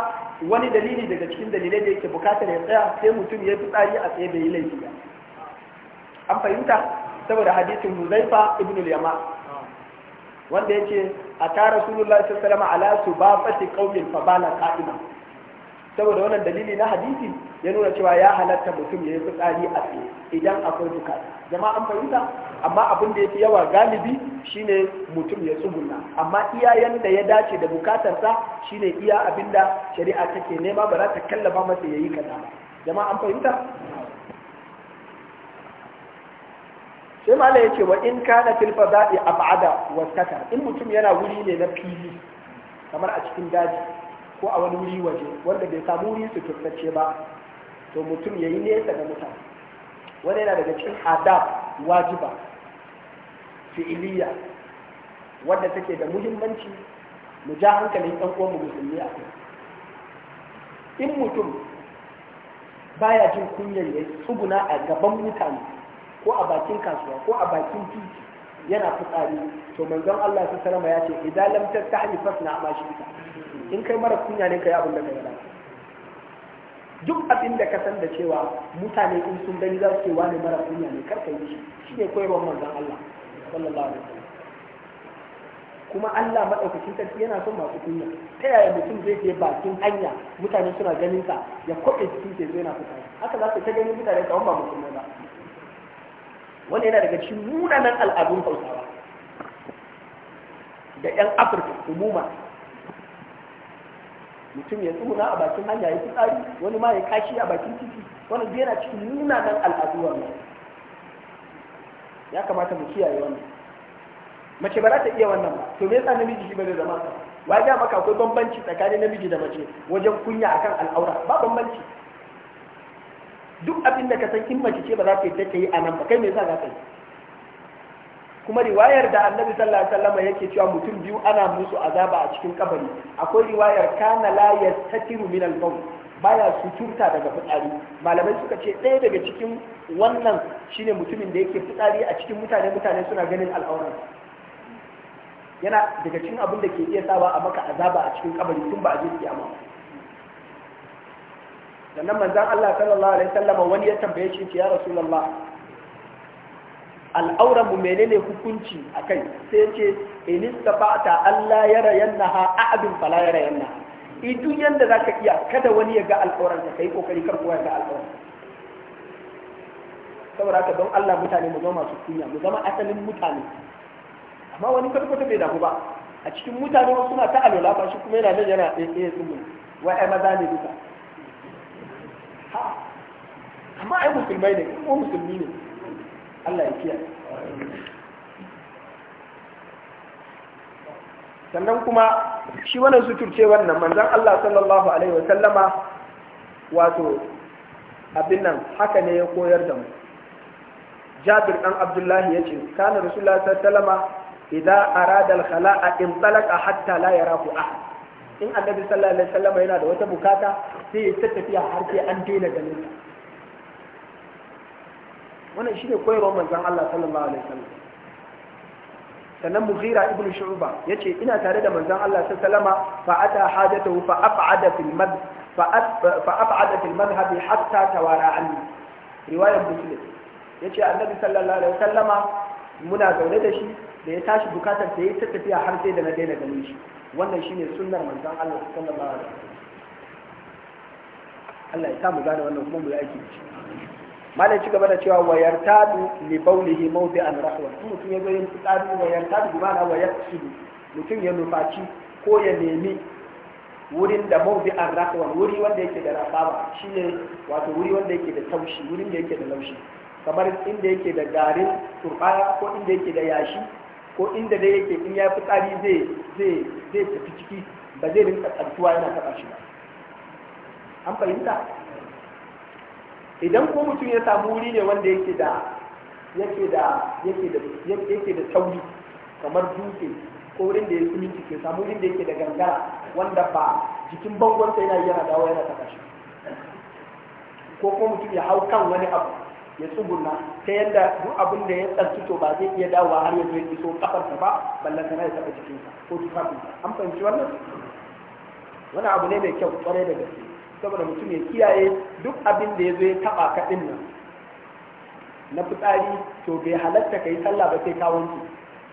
Speaker 1: wani dalili daga cikin dalilai da yake bukatar ya tsaya sai mutum ya fi tsari a tsaye bai yi laifi ba an fahimta saboda hadisin Muzaifa ibn al-yama wanda yake a tara rasulullahi sallallahu alaihi wasallam ala subafati qaumin fa bala qa'ima saboda wannan dalili na hadisi ya nuna cewa ya halatta mutum ya yi fitsari a tsaye idan akwai bukata jama'a an fahimta amma abin da yake yawa galibi shine mutum ya tsuguna amma iya yanda ya dace da bukatarsa shine iya abin da shari'a take nema ba za ta kallaba masa ya kaza ba jama'a an fahimta sai malai ya ce wa in kana fil fada'i ab'ada wa sakar in mutum yana wuri ne na fili kamar a cikin daji ko a wani wuri waje wanda bai samu wuri su tuttacce ba to mutum ya yi nesa da mutane wani yana daga cikin adab wajiba fi'iliya wadda take da muhimmanci mu ja hankalin ɗan uwan mu musulmi a kai in mutum baya jin kunyar ya tsuguna a gaban mutane ko a bakin kasuwa ko a bakin titi yana fitsari to manzon Allah su alaihi ya ce idan lam tastahi fasna ma shi in kai mara kunya ne kai abin da kai da duk abin da ka san da cewa mutane in sun gani za su ce wani mara kunya ne kar ka yi shi shine koyarwar manzon Allah sallallahu alaihi wasallam kuma Allah madaukakin sarki yana son masu kunya ta yaya mutum zai je bakin hanya mutane suna ganin sa ya kwaɗe cikin ke zai na fita haka za su ta gani mutane kawai ba musulmai ba wanda yana daga cikin munanan al'adun Hausawa da 'yan Afirka umuma mutum ya tsuna a bakin hanya ya tsari wani ma ya kashi a bakin titi wani duk yana cikin nan al'adu wannan ya kamata mu kiyaye wannan mace ba za ta iya wannan ba to me yasa namiji shi ba da zama wa ga maka akwai bambanci tsakanin namiji da mace wajen kunya akan al'aura ba bambanci duk abin da ka san in mace ce ba za ta yi ta yi a nan ba kai me yasa za ka yi kuma riwayar da annabi sallallahu alaihi wasallam yake cewa mutum biyu ana musu azaba a cikin kabari akwai riwayar kana la yastatiru min al baya suturta daga fitsari malamai suka ce ɗaya daga cikin wannan shine mutumin da yake fitsari a cikin mutane mutane suna ganin al'auran yana daga cikin abin da ke iya sawa a maka azaba a cikin kabari tun ba a je kiyama sannan manzon Allah sallallahu alaihi wasallam wani ya tambaye shi ya rasulullah al'auran mu menene hukunci a kai? sai ce in istafa'ta Allah ya yara yannaha ahadun fala yara rayanna idu yanda zaka iya kada wani ya ga al'auran ka kai kokari kar kowa ya ga al'auran saboda haka don Allah mutane mu zama masu kunya mu zama asalin mutane amma wani kwata-kwata bai damu ba a cikin mutane wasu suna ta alola ba shi kuma yana nan yana tsaye tsumu wa ai maza ne duka amma ai musulmai ne kuma musulmi ne Allah ya kiya sannan kuma shi wannan suturce wannan manzon Allah sallallahu alaihi wa sallama wato abin nan haka ne ya koyar da mu jabir dan abdullahi ya ce kana rasulullah sallama idza arada al khala'a in hatta la yarahu ahad in annabi sallallahu alaihi wasallam yana da wata bukata sai ya ta tafiya har sai an daina ganin wannan shi ne koyarwar manzon Allah sallallahu alaihi wasallam sannan mughira ibnu shu'ba yace ina tare da manzon Allah sallama fa ata hajatahu fa ab'ada fil mad fa ab'ada fil madhhab hatta tawara anni riwayar muslim yace annabi sallallahu alaihi wasallama muna zaune da shi da ya tashi bukatar da ya ta tafiya har sai da na daina ganin shi wannan shine sunnar manzon Allah sallallahu alaihi wasallam Allah ya mu gane wannan kuma mu yi aiki da shi malai ci gaba da cewa wayar tadu li mawdi an rahwa mutum ya zo yin fitsari wayar tadu bi ma'ana wayar tadu mutum ya nufaci ko ya nemi wurin da an rahwa wuri wanda yake da rafawa shine wato wuri wanda yake da taushi wurin da yake da laushi kamar inda yake da garin turbaya ko inda yake da yashi ko inda da yake in ya fitsari zai zai zai tafi ciki ba zai rinka tsantuwa yana taɓa shi ba an fahimta idan ko mutum ya samu wuri ne wanda yake da yake da yake da yake da tauri kamar dutse ko wurin da ya suminci ke samu wurin da yake da gangara wanda ba jikin bangon sai yana yana dawo yana taka shi ko ko mutum ya hau kan wani abu ya tsuguna ta yadda duk abin da ya tsarki to ba zai iya dawowa har ya zo ya iso kafarsa ba ballan kana ya jikin jikinsa ko tufafinsa an fahimci wannan wani abu ne mai kyau kwarai da gaske saboda mutum ya kiyaye duk abin da ya zo ya taba ka din nan na fitsari to bai halatta ka yi sallah ba sai ka wanke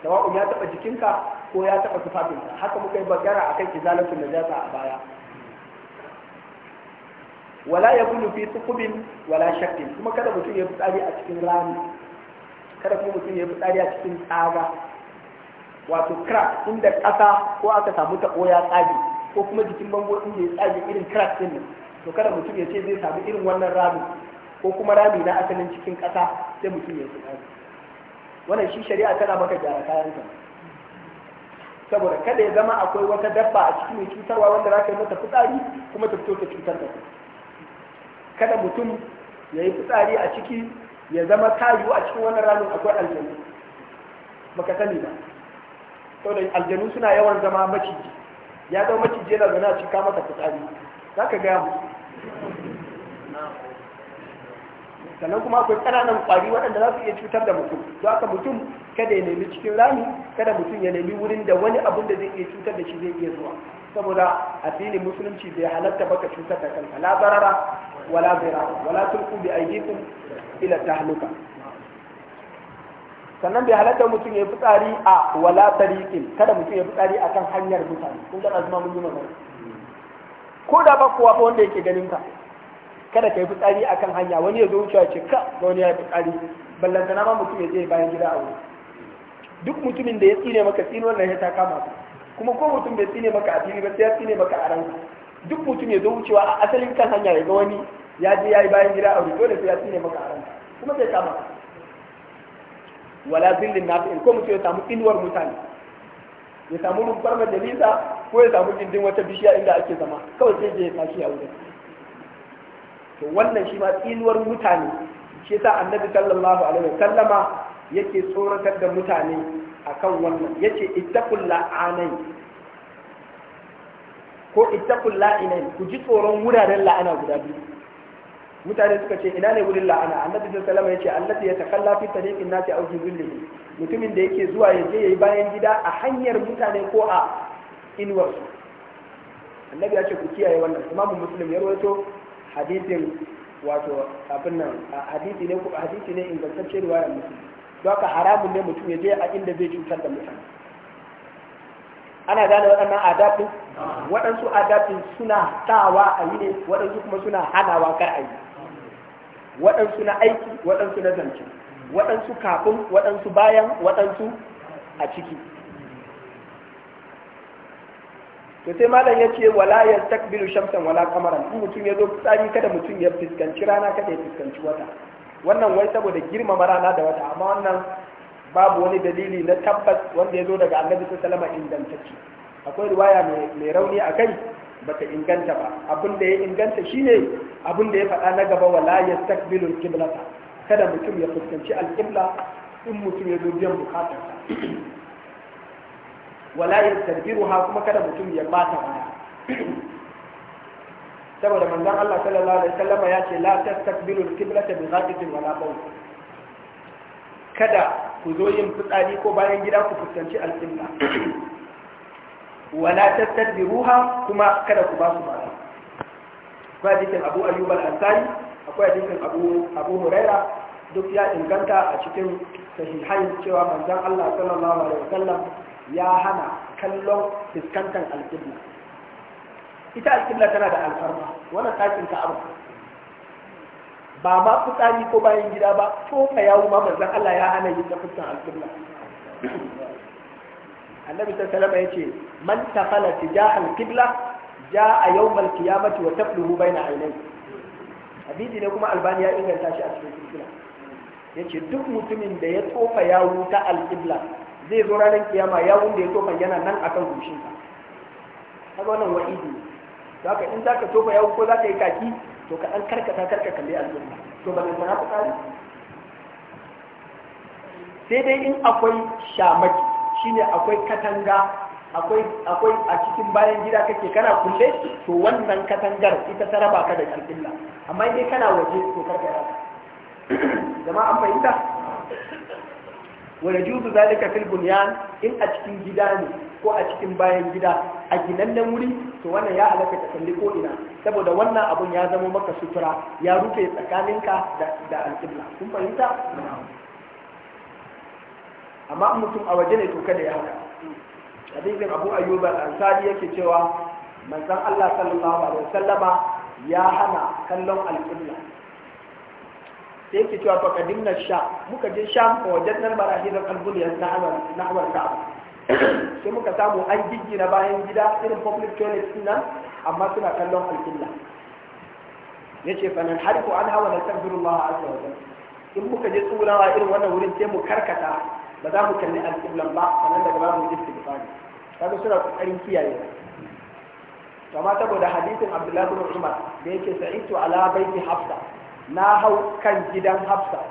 Speaker 1: sawa'un ya taba jikinka ko ya taba tufafinka haka muka yi bakara akan izalatul najasa a baya wala ya bulu fi tukubin wala shakkin kuma kada mutum ya fitsari a cikin rami kada kuma mutum ya fitsari a cikin tsaga wato crack inda ƙasa ko aka samu ta ya tsage ko kuma jikin bango inda ya tsage irin crack din nan to kada mutum ya ce zai samu irin wannan rami ko kuma rami na asalin cikin ƙasa sai mutum ya tsage wannan shi shari'a tana maka gyara kayan ka saboda kada ya zama akwai wata dabba a cikin mai cutarwa wanda za ka yi mata fitsari kuma ta fito ta cutar da kada mutum ya yi fitsari a ciki ya zama tayu a cikin wannan ramin akwai aljanu baka sani ba saboda aljanu suna yawan zama maciji ya zama maki yana zana a cika masa fitsari za ka gaya mu. sannan kuma akwai ƙananan kwari waɗanda za su iya cutar da mutum to ka mutum kada ya nemi cikin rami kada mutum ya nemi wurin da wani abun da zai iya cutar da shi zai iya zuwa saboda addinin musulunci bai halatta baka cutar da kanka la barara wala bira wala tulqu bi aydikum ila tahluka sannan bai halatta mutum ya fitsari a wala tariqin kada mutum ya fitsari kan hanyar mutane kun ga azuma mun yi magana ko da ba kowa wanda yake ganin ka kada ka yi fitsari kan hanya wani ya zo wucewa ce ka ga wani ya yi fitsari na ma mutum ya je bayan gida a wuri duk mutumin da ya tsine maka tsine wannan ya ta kama ka kuma ko mutum bai tsine maka a fili ba sai ya tsine maka a ranka duk mutum ya zo wucewa a asalin kan hanya ya ga wani ya je ya yi bayan gida a wuri dole sai ya tsine maka a ranka kuma sai kama ka wala zillin nafi'in ko mutum ya samu inuwar mutane ya samu rumfar majalisa ko ya samu gindin wata bishiya inda ake zama kawai sai je ya tashi a wurin to wannan shi ma tsinuwar mutane shi yasa annabi sallallahu alaihi wasallama yake tsoratar da mutane akan wannan yace ittaqul la'anai ko ittaqul la'inai ku ji tsoron wuraren la'ana guda biyu mutane suka ce ina ne wurin la'ana annabi salama ya ce, yace ya takalla fi tariqin nasi aw fi dhillihi mutumin da yake zuwa ya je yayi bayan gida a hanyar mutane ko a inuwar su annabi ya ce ku kiyaye wannan imamu muslim ya rawaito hadithin, wato abin nan hadisi ne hadisi ne ingantacce ya muslim don haka haramun ne mutum ya je a inda zai cutar da mutane ana gane waɗannan adabin waɗansu adabin suna tawa a yi ne waɗansu kuma suna hanawa kar a yi waɗansu na aiki waɗansu na zance waɗansu kafin waɗansu bayan waɗansu a ciki to sai malam ya ce wala ya takbiru shamsan wala kamaran in mutum ya zo fitsari kada mutum ya fuskanci rana kada ya fuskanci wata wannan wai saboda girmama rana da wata amma wannan babu wani dalili na tabbas wanda ya zo daga annabi sallallahu alaihi wasallam akwai riwaya mai rauni a kai bata inganta ba abin da ya inganta shine abin da ya faɗa na gaba wala yastakbilul qiblata kada mutum ya fuskanci alƙibla, in mutum ya zo wa layar wala ha kuma kada mutum ya bata baya saboda manzon Allah sallallahu alaihi wasallam ya ce la tastakbilul qiblata bi ghaqitin wala bawl kada ku zo yin fitsari ko bayan gida ku fuskanci alqibla wala tattabiruha kuma kada ku ba su mara akwai hadisin Abu Ayyub al-Ansari akwai hadisin Abu Abu Huraira duk ya inganta a cikin sahihai cewa manzon Allah sallallahu alaihi wasallam ya hana kallon fuskantar qibla ita al-qibla tana da alfarma wannan takin ka abu ba ma fitsari ko bayan gida ba ko ka yawo ma manzon Allah ya hana yin ta al-qibla annabi sallallahu alaihi yace man tafala tijaha al-qibla jaa yawm al-qiyamati wa tafluhu baina aynayhi hadisi ne kuma albani ya inganta shi a cikin silsila yace duk mutumin da ya tsofa ya wuta al-qibla zai zo ranar kiyama ya wunda ya tsofa yana nan akan gushin sa kaga wannan wa'idi ne zaka in zaka tsofa ya ko zaka yi kaki to ka dan karkata karka kalle al-qibla to ba zai fara sai dai in akwai shamaki shine akwai katanga akwai akwai a cikin bayan gida kake kana kulle to wannan katangar ita ta raba ka da alƙibla amma idan kana waje to karka ya jama'a an fahimta wa juzu zalika fil bunyan in a cikin gida ne ko a cikin bayan gida a ginannen wuri to wannan ya halaka ta kalli ko ina saboda wannan abun ya zama maka sutura ya rufe tsakaninka da da alƙibla kun fahimta amma mutum a waje ne to kada ya haka hadisin abu ayyub al-ansari yake cewa manzon Allah sallallahu alaihi wasallama ya hana kallon al-qibla sai yake cewa fa kadimna sha muka je Sha ko wajen al-marahid al-qibla yanahwa nahwa al-ka'ba sai muka samu an giggina bayan gida irin public toilet din nan amma suna kallon al-qibla yace fa nan hariku an hawa na tabbirullah azza wa jalla in muka je tsurawa irin wannan wurin sai mu karkata ba za mu kalli alƙiblan ba sannan daga ba mu yi istighfari kaga suna ƙoƙarin kiyaye to amma saboda hadisin Abdullahi bin Umar da yake sa'itu ala baiti Hafsa na hau kan gidan Hafsa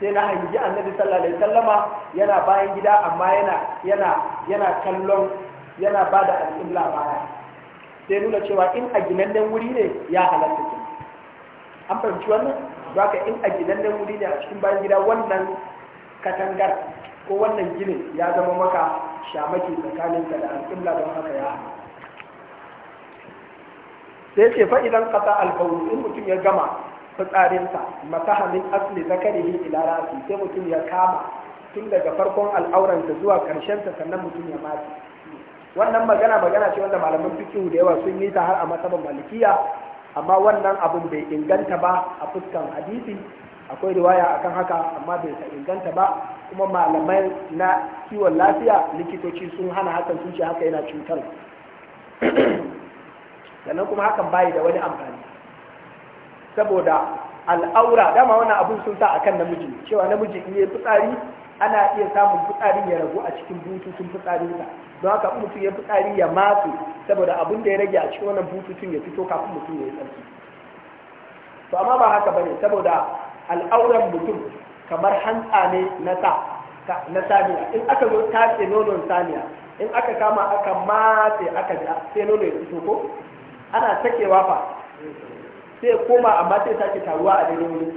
Speaker 1: sai na hangi Annabi sallallahu alaihi wasallama yana bayan gida amma yana yana yana kallon yana bada alƙibla baya sai nuna cewa in a ginannen wuri ne ya halatta kin an fahimci wannan ba in a ginannen wuri ne a cikin bayan gida wannan katangar ko wannan ginin ya zama maka shamaki tsakaninta da alƙibla don haka ya hana sai ce fa idan kasa albauru in mutum ya gama fitsarinsa masaha min asli zakarihi ila rasi sai mutum ya kama tun daga farkon al'auransa zuwa karshensa sannan mutum ya mati wannan magana magana ce wanda malaman fikihu da yawa sun yi ta har a masabar malikiya amma wannan abun bai inganta ba a fuskan hadisi akwai riwaya akan haka amma bai ta inganta ba kuma malamai na kiwon lafiya likitoci sun hana hakan sun ce haka yana cutar sannan kuma hakan bayi da wani amfani saboda al'aura dama wannan abun sun sa akan namiji cewa namiji in yi fitsari ana iya samun fitsarin ya ragu a cikin bututun fitsarinsa don haka mutum ya fitsari ya matsu saboda abin da ya rage a cikin wannan bututun ya fito kafin mutum ya yi tsarki to amma ba haka bane saboda al'auran mutum kamar hantsa ne na sa na saniya in aka zo tace nonon saniya in aka kama aka matse aka ja sai nono ya fito ko ana sakewa fa sai koma amma sai sake taruwa a daidai wuri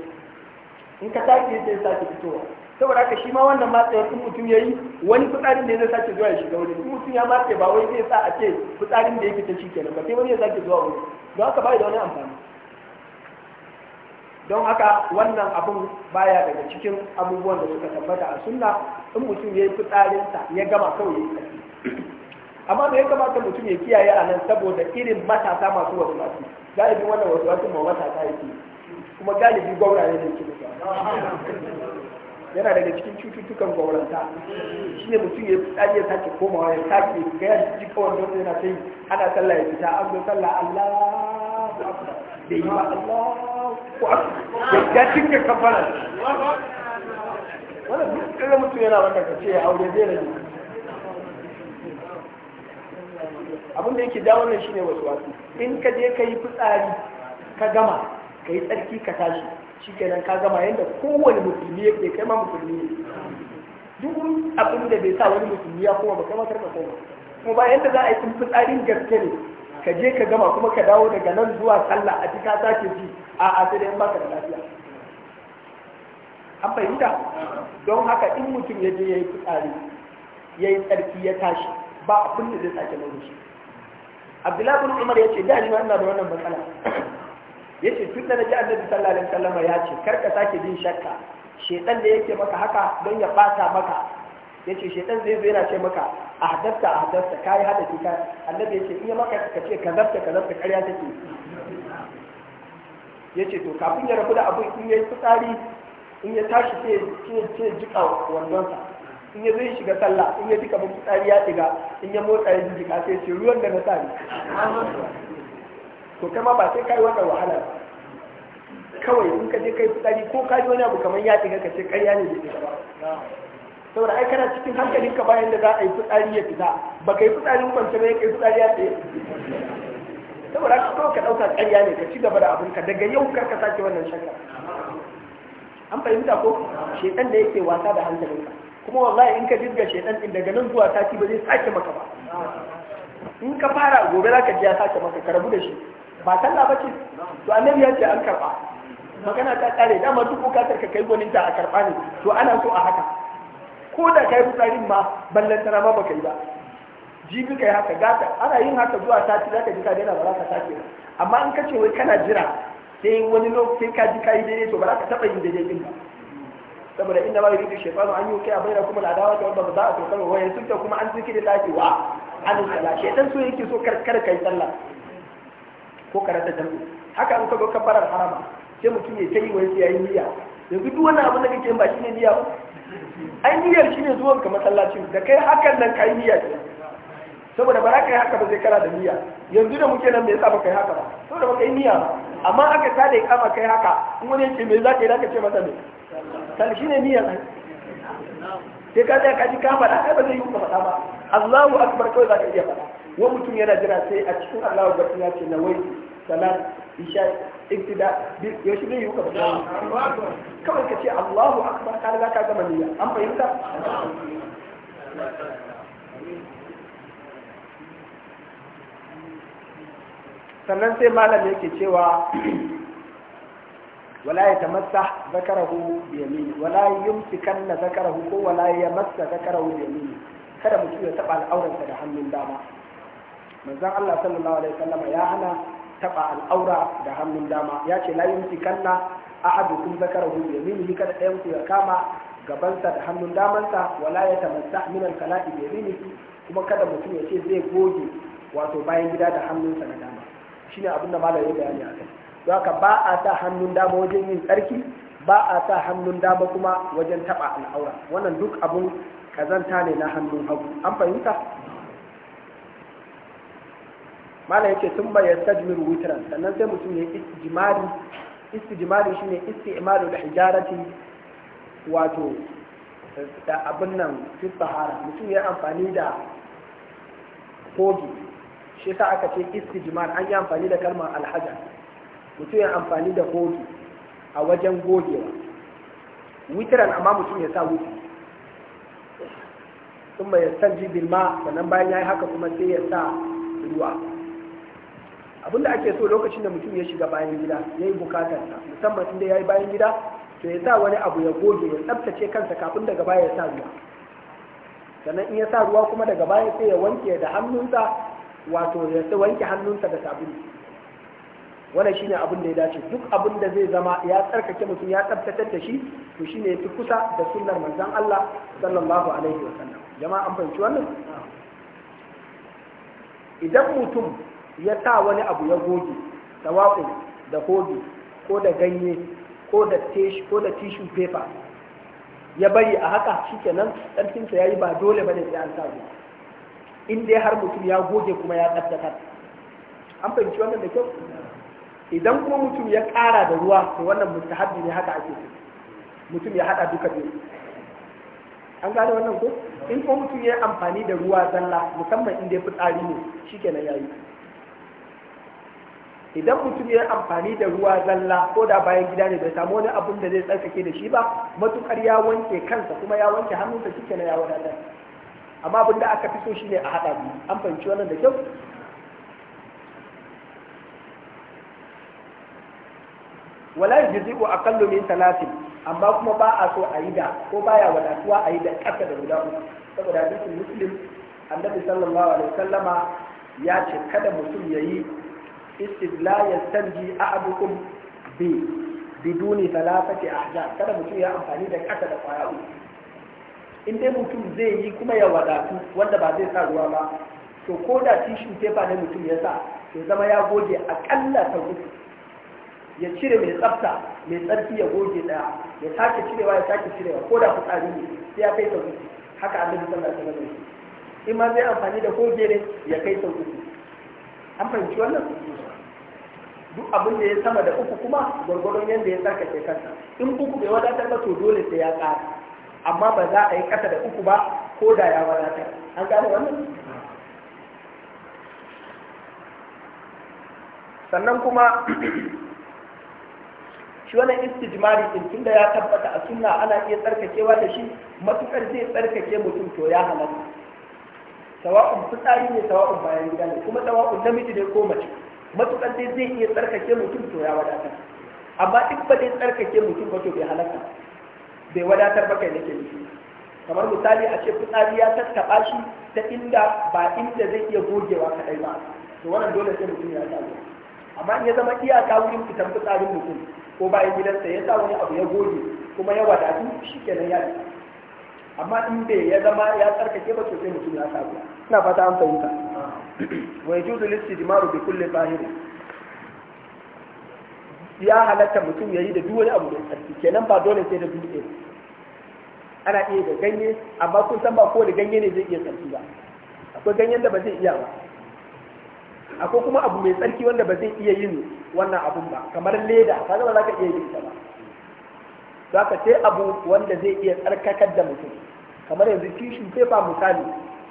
Speaker 1: in ka sake sai sake fitowa saboda haka shi ma wannan matsayar in mutum ya yi wani fitsarin da zai sake zuwa ya shiga wani in mutum ya matse ba wai zai sa a ce fitsarin da ya fita shi kenan ba sai wani ya sake zuwa wuri don haka bai da wani amfani don haka wannan abun baya daga cikin abubuwan da suka tabbata a sunna in mutum ya yi fitsarinsa ya gama kawai ya yi amma da ya kamata mutum ya kiyaye a nan saboda irin matasa masu wasu wasu galibi wannan wasu wasu ma matasa yake kuma galibi gwamna ne ke yana daga cikin cututtukan gwauranta shi ne mutum ya fitsari ya sake komawa ya sake ga ya ji kawai don yana ta yi ana sallah ya fita an zo sallah Allah akbar da yi ba
Speaker 2: ya cinye kafara wanda duk
Speaker 1: ɗaya mutum yana wannan ka ce aure zai rage abin da yake dawo nan shine wasu wasu in ka je ka yi fitsari ka gama ka yi tsarki ka tashi shikenan ka gama yadda kowane musulmi yake kai ma musulmi ne duk abin da bai sa wani musulmi ya koma ba kai ma ka koma kuma ba yadda za a yi tun fitsarin gaske ne ka je ka gama kuma ka dawo daga nan zuwa sallah a cika sake ji a a sai dai baka da lafiya an fahimta don haka in mutum ya je yayi fitsari yayi tsarki ya tashi ba abin da zai sake mai shi Abdullahi bin Umar yace da ni wannan da wannan matsala yace tun da naji Annabi sallallahu alaihi wasallam ya ce kar ka sake jin shakka shedan da yake maka haka don ya bata maka yace shedan zai zo yana ce maka a ahdafta kai hada ki kai annabi yace in ya maka ka ce ka zarta karya take yace to kafin ya rabu da abu in ya yi fitsari in ya tashi sai ce ce jika sa in ya zo ya shiga sallah in ya jika bin fitsari ya diga in ya motsa ya jika sai ce ruwan da na sa to kai ma ba sai kai wannan wahala kawai in ka je kai fitsari ko ka ji wani abu kamar ya diga ka ce karya ne da ba saboda ai kana cikin hankalin ka bayan da za a yi fitsari ya fita ba ka yi fitsarin kwance ba ya kai fitsari ya tsaye saboda ka kawo ka ɗauka ƙarya ne ka ci gaba da abin ka daga yau kar ka sake wannan shakka an fahimta ko shedan da yake wasa da hankalin ka kuma wallahi in ka jirga shedan din daga nan zuwa sati ba zai sake maka ba in ka fara gobe za ka ji ya sake maka ka rabu da shi ba sallah ba ce to annabi ya ce an karba magana ta kare dama duk bukatar ka kai gwaninta a karba ne to ana so a haka ko da ka yi rutsarin ma tara ma baka yi ba jibi ka yi haka gata ana yin haka zuwa sati ka ji ka daina ba za ka sake ba amma in ka ce wai kana jira sai wani lokacin ka ji kayi daidai to ba za ka taba yin daidai ɗin ba saboda inda ma rikin shekaru an a bayyana kuma ladawa ta wanda za a to kalma wayan sunta kuma an da lafi wa an sala shaytan so yake so karkar kai sallah ko karanta jami'u haka an ka zo kabbarar harama sai mutum ya tayi wai sai yayin niyya yanzu duk wani abin da kake ba ne niyya ai niyyar ne zuwan ga masallacin da kai hakan nan kai niyya ke saboda ba za ka yi haka ba zai kara da niyya yanzu da muke nan me yasa baka yi haka ba saboda baka yi niyya amma aka ta da kama kai haka in wani ce me za ka yi zaka ce masa me kan ne niyyar ai sai ka tsaya ka ji ka faɗa kai ba zai yi ka faɗa ba Allahu akbar kawai za ka iya faɗa wani mutum yana jira sai a cikin Allahu akbar ya ce na wai salat isha iktida yaushe zai yi ka fita kawai ka ce Allahu akbar ka riga ka gama niyya an fahimta sannan sai malam yake cewa wala ya tamassa zakarahu bi yamini wala yumsikanna zakarahu ko wala yamassa zakarahu bi yamini kada mutum ya taba al'auransa da hannun dama manzon Allah sallallahu alaihi wasallam ya hana taba al'aura da hannun dama ya ce la yumsikanna ahadukum hu bi yaminihi kada ɗayan ku ya kama gabansa da hannun damansa wala ya tamassa min al-kala'i bi yaminihi kuma kada mutum ya ce zai goge wato bayan gida da hannunsa na dama shine abin da malam ya bayani a kai don haka ba a sa hannun dama wajen yin tsarki ba a sa hannun dama kuma wajen taba al'aura wannan duk abun kazanta ne na hannun hagu an fahimta malam yake sun bayar tajmir witran sannan sai mutum ya istijmari istijmari shine istimalu da hijarati wato da abin nan fi sahara mutum ya amfani da kogi shi sa aka ce istijmar an yi amfani da kalmar alhajar mutum ya amfani da kogi a wajen gogewa witran amma mutum ya sa wutri sun bayar sanji bilma sannan bayan ya yi haka kuma sai ya sa ruwa abin da ake so lokacin da mutum ya shiga bayan gida ya yi bukatarsa musamman inda ya yi bayan gida to ya sa wani abu ya goge ya tsabtace kansa kafin daga baya ya sa ruwa sannan in ya sa ruwa kuma daga baya sai ya wanke da hannunsa wato ya wanke hannunsa da sabulu wannan shine abin da ya dace duk abin da zai zama ya tsarkake mutum ya tsabtace da shi to shine yafi kusa da sunnar manzon Allah sallallahu alaihi wa sallam jama'a an fahimci wannan idan mutum ya sa wani abu ya goge da waƙo da goge ko da ganye ko da tishu paper ya bari a haka shikenan ɗarfinsa ya yi ba dole ba ne sai an sa ruwa in dai har mutum ya goge kuma ya tsaftatar an fahimci wannan da kyau idan kuma mutum ya ƙara da ruwa to wannan mustahabbi ne haka ake mutum ya haɗa duka biyu an gane wannan ko in kuma mutum ya yi amfani da ruwa zalla musamman in dai fitsari ne ya yi. idan mutum ya amfani da ruwa zalla ko da bayan gida ne bai samu wani abun da zai tsarkake da shi ba matukar ya wanke kansa kuma ya wanke hannunsa shi kenan ya wadatar amma abin da aka fi so shine a haɗa biyu an fahimci wannan da kyau wala yajzi'u aqallu min talatin amma kuma ba a so a yi da ko baya wadatuwa a yi da ƙasa da guda uku saboda hadisin muslim annabi sallallahu alaihi wasallama ya ce kada mutum ya yi istidla yastanji ahadukum bi biduni talafati ahja kada mutum ya amfani da kasa da kwaya uku in dai mutum zai yi kuma ya wadatu wanda ba zai sa ruwa ba to ko da tishin paper ne mutum ya sa to zama ya goge akalla ta uku ya cire mai tsafta mai tsarki ya goge daya ya sake cirewa ya sake cirewa ko da fitsari ne sai ya kai ta uku haka annabi sanar da wasallam in ma zai amfani da goge ne ya kai ta uku an fahimci wannan duk abin da ya sama da uku kuma gwargwadon yadda ya ke kansa in uku bai wadatar ba to dole sai ya ƙara amma ba za a yi ƙasa da uku ba ko da ya wadatar an gane wannan sannan kuma shi wannan istijmari din tunda ya tabbata a sunna ana iya tsarkakewa da shi matukar zai tsarkake mutum to ya halatta sawa'un fitsari ne sawa'un bayan gida ne kuma sawa'un namiji ne ko mace matukan dai zai iya tsarkake mutum to ya wadatar amma in ba dai tsarkake mutum ba to bai halaka bai wadatar ba kai nake nufi kamar misali a ce fitsari ya tattaɓa shi ta inda ba inda zai iya gogewa kaɗai ba to wannan dole sai mutum ya samu amma in ya zama iyaka wurin fitan fitsarin mutum ko bayan gidansa ya sa wani abu ya goge kuma ya wadatu shi kenan ya amma in bai ya zama ya tsarkake ba sosai mutum ya sa biya, ina fata an fahimta wa yajuzu listijmaru bi kulli zahiri ya halatta mutum yayi da duk wani abu da tsarki kenan ba dole sai da dutse ana iya da ganye amma kun san ba ko da ganye ne zai iya tsarki ba akwai ganyen da ba zai iya ba akwai kuma abu mai tsarki wanda ba zai iya yin wannan abun ba kamar leda kaga ba za ka iya yin ta ba za ka sai abu wanda zai iya tsarkakar da mutum kamar yanzu tishin fefa misali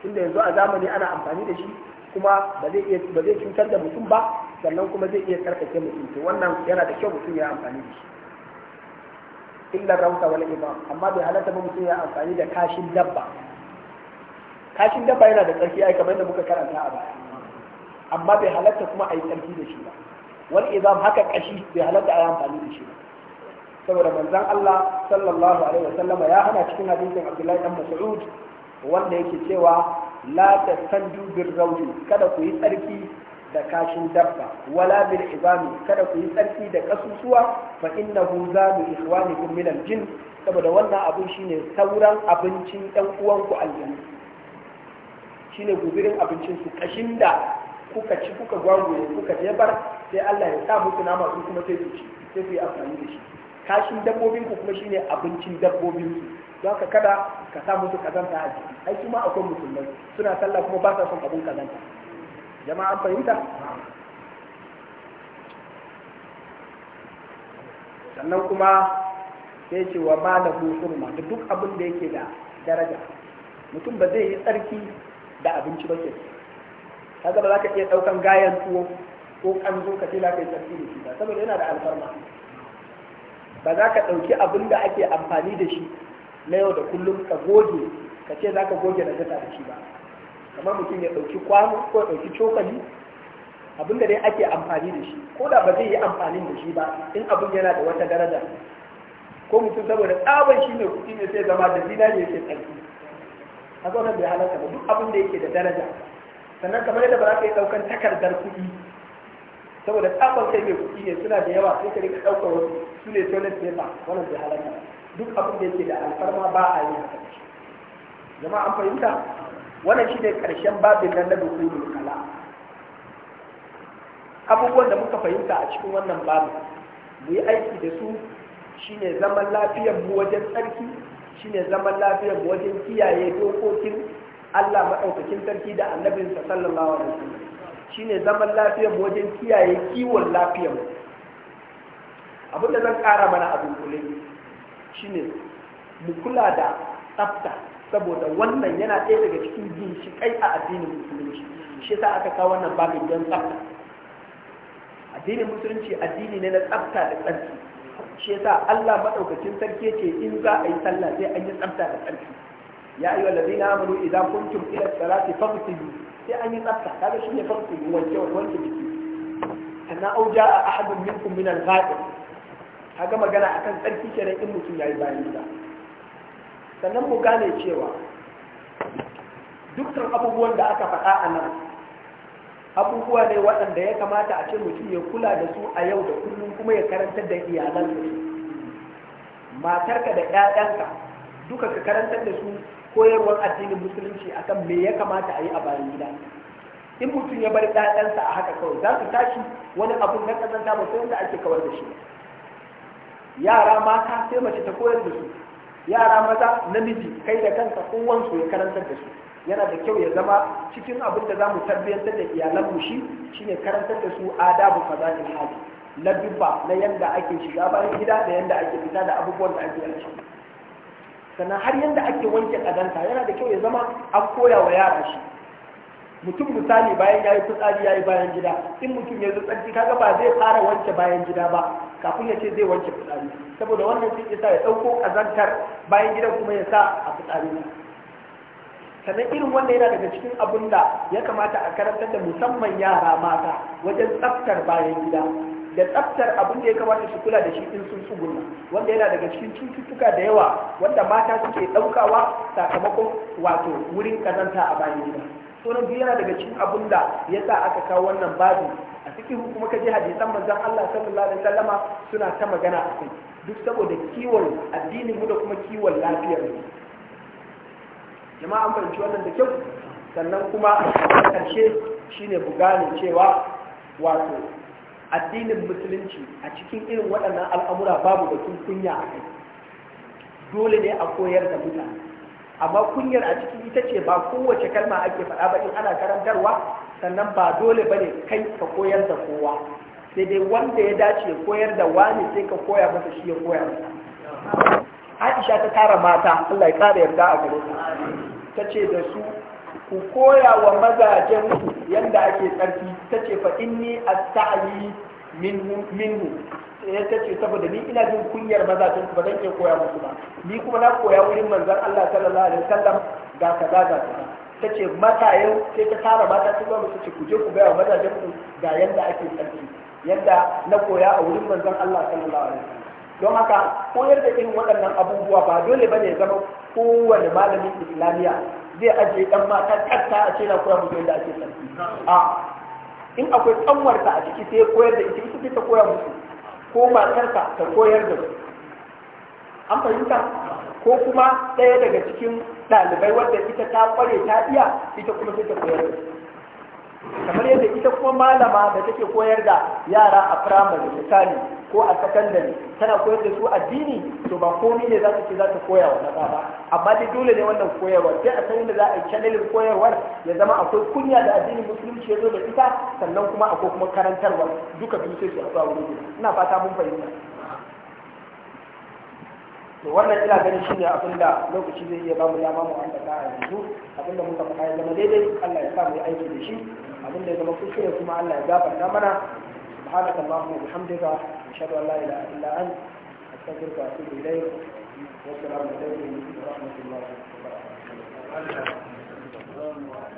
Speaker 1: inda yanzu a zamani ana amfani da shi kuma ba zai ba zai cutar da mutum ba sannan kuma zai iya tsarkake mutum to wannan yana da kyau mutum ya amfani da shi illa rauta wala imam amma bai halatta ba mutum ya amfani da kashin dabba kashin dabba yana da tsarki ai kamar da muka karanta a baya amma bai halatta kuma a yi tsarki da shi ba wani idan haka kashi bai halatta a yi amfani da shi ba saboda manzon Allah sallallahu alaihi wasallama ya hana cikin hadisin Abdullahi dan Mas'ud wanda yake cewa la tasandu dubin rawdi kada ku yi tsarki da kashin dabba wala bil ibami kada ku yi tsarki da kasusuwa fa innahu zalu ikhwanikum min al jin saboda wannan abun shine sauran abincin ɗan uwanku shi shine gubirin abincin su kashin da kuka ci kuka gwagwaye kuka jebar sai Allah ya sa muku nama su kuma sai su sai su yi amfani da shi kashin dabbobin ku kuma shine abincin dabbobin su don ka kada ka sa musu kazanta a jiki ai kuma akwai musulmai suna sallah kuma ba sa son abin kazanta jama'a an fahimta sannan kuma sai ce wa ma da duk abin da yake da daraja mutum ba zai yi tsarki da abinci ba ke kaga ba za ka iya ɗaukan gayan tuwo ko kanzo ka ce za ka yi tsarki da shi ba saboda yana da alfarma ba za ka ɗauki abin da ake amfani da shi na yau da kullum ka goge ka ce za ka goge na zata da shi ba kamar mutum ya ɗauki kwano ko ya ɗauki cokali abin da dai ake amfani da shi ko da ba zai yi amfanin da shi ba in abin yana da wata daraja ko mutum saboda tsaban shi ne kuɗi ne sai zama da ne sai tsarki a zaunar bai halarta ba duk abin da yake da daraja sannan kamar yadda ba za ka yi ɗaukan takardar kuɗi saboda tsakon kai mai kuɗi ne suna da yawa sai ka rika ɗaukar wasu su ne toilet paper wannan bai halarta duk abin da yake da alfarma ba a yi haka jama'a an fahimta wannan shi ne ƙarshen babin nan na dukulul kala abubuwan da muka fahimta a cikin wannan babin mu yi aiki da su shine zaman lafiyar mu wajen tsarki shine zaman lafiyar mu wajen kiyaye dokokin Allah maɗaukakin sarki da annabinsa sallallahu alaihi sallam shine zaman lafiyar wajen kiyaye kiwon lafiyar mu zan kara mana a dunkule shine mu kula da tsafta saboda wannan yana ɗaya daga cikin ginshiƙai a addinin musulunci shi sa aka kawo wannan babin don tsafta addinin musulunci addini ne na tsafta da tsarki shi sa Allah maɗaukacin sarki ce in za a yi sallah sai an yi tsafta da tsarki ya ayyuhal ladina amanu idan kuntum ila salati faqtilu sai an yi tsafta kaga shine faqtilu wanke wanke jiki sannan au ja'a ahadun minkum min al-ghaib kaga magana akan tsarki kenan in mutum yayi bayan da sannan mu gane cewa dukkan abubuwan da aka faɗa a nan abubuwa ne waɗanda ya kamata a ce mutum ya kula da su a yau da kullum kuma ya karantar da iyalansa matarka da 'ya'yanka duka ka karantar da su koyarwar addinin musulunci akan me ya kamata a yi a bayan gida in mutum ya bar ɗaɗansa a haka kawai za su tashi wani abu na ƙazanta ba sai wanda ake kawar da shi yara mata sai mace ta koyar da su yara maza namiji kai da kansa kowansu ya karantar da su yana da kyau ya zama cikin abin da za mu tarbiyyantar da iyalanmu shi shine karantar da su adabu fadalil hali na dubba na yadda ake shiga bayan gida da yanda ake fita da abubuwan da ake yi sannan har yadda ake wanke ƙazanta yana da kyau ya zama an koya wa yara shi mutum misali bayan ya yi fitsari ya yi bayan gida in mutum ya tsarki kaga ba zai fara wanke bayan gida ba kafin ya ce zai wanke fitsari saboda wannan sai isa ya ɗauko ƙazantar bayan gidan kuma ya sa a fitsari sannan irin wannan yana daga cikin abin da ya kamata a karantar da musamman yara mata wajen tsaftar bayan gida da tsaftar abin da ya kamata su kula da shi in sun tsugunna wanda yana daga cikin cututtuka da yawa wanda mata suke ɗaukawa sakamakon wato wurin kazanta a bayan gida sunan nan yana daga cikin abin da ya sa aka kawo wannan babu a cikin kuma ka je hadisan manzon Allah sallallahu alaihi wasallama suna ta magana a kai duk saboda kiwon addinin mu da kuma kiwon lafiyar mu jama'a an fahimci wannan da kyau sannan kuma a karshe shine bugane cewa wato addinin musulunci a cikin irin waɗannan al'amura babu da kunya a kai dole ne a koyar da mutane amma kunyar a cikin ita ce ba kowace kalma ake faɗa ba in ana karantarwa sannan ba dole ba ne kai ka koyar da kowa sai dai wanda ya dace koyar da wani sai ka koya masa shi ya koya masa aisha ta tara mata allah ya kara yarda a gare ta ta ce da su ku koya wa mazajen su yanda ake tsarki tace fa inni asta'li minhu minhu ya eh, ce saboda ni ina jin kunyar mazajen ku ba zan iya koya musu ba ni kuma na koya wurin manzon Allah sallallahu alaihi wasallam ga kaza ga ta. ce mata yau sai ta tara mata ta zo su ce ku je ku ga mazajen ku ga yanda ake tsarki yadda na koya a wurin manzon Allah sallallahu alaihi wasallam don haka koyar da irin waɗannan abubuwa ba dole ba ne zama kowane malamin islamiyya zai ajiye ɗan mata katta a cikin na koya musu yadda ake sarki a in akwai tsanwarta a ciki sai koyar da ita ita ta koya musu ko matarka ta koyar da su an fahimta ko kuma ɗaya daga cikin ɗalibai wadda ita ta kware ta iya ita kuma sai ta koyar da su kamar yadda ita kuma malama da take koyar da yara a firamare misali ko a sakandare tana koyar da su addini to ba komi ne za ta ce za ta koya wa na ba amma dai dole ne wannan koyarwar sai a san da za a yi channelin koyarwar ya zama akwai kunya da addinin musulunci ya zo da ita sannan kuma akwai kuma karantarwa duka biyu sai su a wuri ina fata mun fahimta to wannan ina ganin shine abin da lokaci zai iya bamu dama mu an daga yanzu abin da muka faɗa ya zama daidai Allah ya sa mu yi aiki da shi abin da ya zama kuskure kuma Allah ya gafarta mana subhanaka allahumma wa bihamdika ashhadu
Speaker 2: an la ilaha illa anta astaghfiruka wa atubu ilayk wa assalamu alaykum wa rahmatullahi wa barakatuh